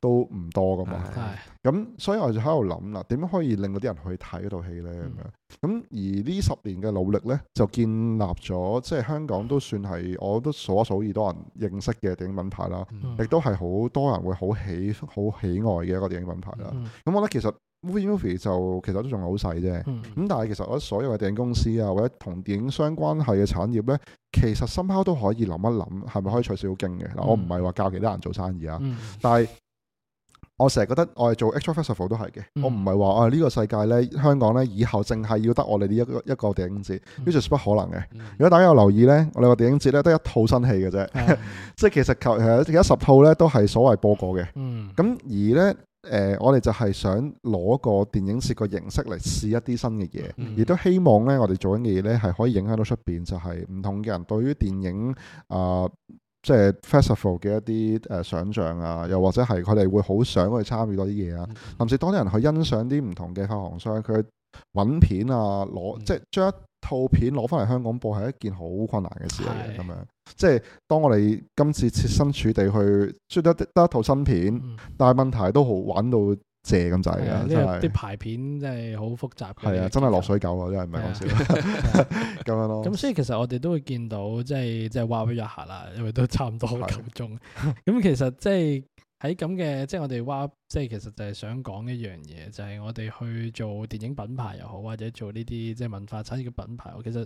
都唔多噶嘛，咁的、嗯、所以我就喺度諗啦，點樣可以令嗰啲人去睇套戲咧？咁樣？咁、嗯嗯、而呢十年嘅努力咧，就建立咗，即係香港都算係，我都數一數二多人認識嘅電影品牌啦，亦都係好多人會好喜好喜愛嘅一個電影品牌啦。咁、嗯嗯、我覺得其實 MOViE MOViE 就其實都仲係好細啫，咁、嗯、但係其實我覺得所有嘅電影公司啊，或者同電影相關係嘅產業咧，其實深拋都可以諗一諗，係咪可以取小徑嘅？嗱、嗯，我唔係話教其他人做生意啊，但係、嗯。我成日覺得我係做 Extra Festival 都係嘅，嗯、我唔係話啊呢個世界咧，香港咧以後淨係要得我哋呢一個一個電影節，呢就、嗯、不可能嘅。嗯、如果大家有留意咧，我哋個電影節咧得一套新戲嘅啫，即係其實求其實而家十套咧都係所謂播過嘅。咁而咧，誒我哋就係想攞個電影節個形式嚟試一啲新嘅嘢，亦、嗯、都希望咧我哋做緊嘅嘢咧係可以影響到出邊，就係唔同嘅人對於電影啊。呃即係 festival 嘅一啲誒想像啊，又或者係佢哋會好想去參與多啲嘢啊，甚至多啲人去欣賞啲唔同嘅發行商佢揾片啊，攞、嗯、即係將一套片攞翻嚟香港播係一件好困難嘅事嚟嘅咁樣。即係當我哋今次設身處地去 s h 得，得一套新片，嗯、但係問題都好玩到。借咁就係啦，啲排、啊、片真係好複雜嘅。係啊，構真係落水狗是是啊，真係唔係講笑、， 啊。咁樣咯。咁所以其實我哋都會見到，即係即係話俾你下啦，因為都差唔多好夠鐘。咁其實即係喺咁嘅，即係我哋話，即係其實就係想講一樣嘢，就係、是、我哋、就是、去做電影品牌又好，或者做呢啲即係文化產業嘅品牌，我其實。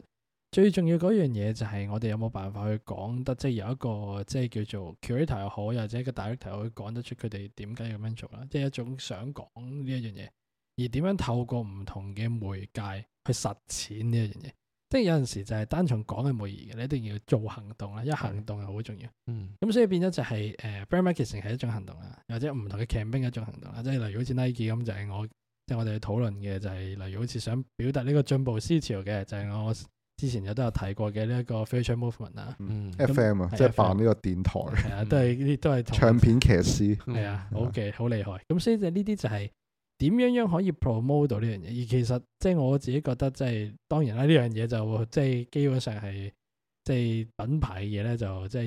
最重要嗰樣嘢就係我哋有冇辦法去講得，即係有一個即係叫做 curator 又好，又或者個 director 可以講得出佢哋點解要咁樣做啦。即係一種想講呢一樣嘢，而點樣透過唔同嘅媒介去實踐呢一樣嘢。即係有陣時就係單從講係冇意義嘅，你一定要做行動啦。一行動係好重要。嗯，咁所以變咗就係、是、誒、呃、brand marketing 係一種行動啦，或者唔同嘅 campaign 係一種行動啦。即係例如好似 Nike 咁，就係、是、我即係我哋去討論嘅就係、是、例如好似想表達呢個進步思潮嘅，就係、是、我。之前有都有提過嘅呢一個 future movement 啊，FM 啊，即係辦呢個電台，係啊， 都係呢啲都係唱片騎師，係啊，okay，好厲害。咁的所以就呢啲就係點樣樣可以 promote 到呢樣嘢。而其實即係我自己覺得，即係當然啦，呢樣嘢就即係基本上係即係品牌嘅嘢咧，就即係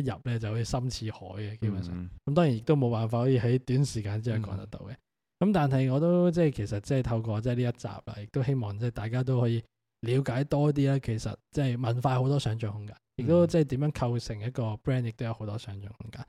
一入咧就會深似海嘅、嗯、基本上。咁當然亦都冇辦法可以喺短時間之內講得到嘅。咁、嗯、但係我都即係其實即係透過即係呢一集啦，亦都希望即係大家都可以了解多啲咧，其實即係文化好多想像空間，亦都即係點樣構成一個 brand，亦都有好多想像空間。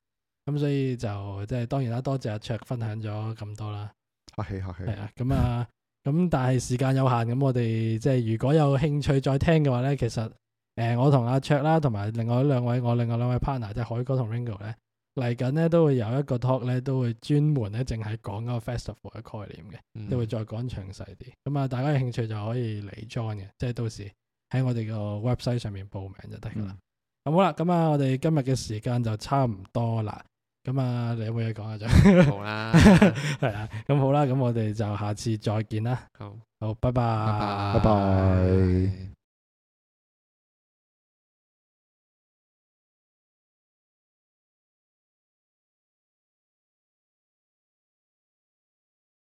咁所以就即係當然啦，多謝阿卓分享咗咁多啦。客氣客氣。係啊，咁啊，咁但係時間有限，咁 我哋即係如果有興趣再聽嘅話咧，其實誒、呃、我同阿卓啦，同埋另外兩位我另外兩位 partner 即係海哥同 Ringo 咧。嚟緊咧都會有一個 talk 咧都會專門咧淨係講嗰個 festival 嘅概念嘅，都、嗯、會再講詳細啲。咁啊，大家有興趣就可以嚟 join 嘅，即係到時喺我哋個 website 上面報名就得噶啦。咁、嗯、好啦，咁啊，我哋今日嘅時間就差唔多啦。咁啊，你有冇嘢講啊？就好啦，係啊，咁好啦，咁我哋就下次再見啦。好，好，拜拜，拜拜。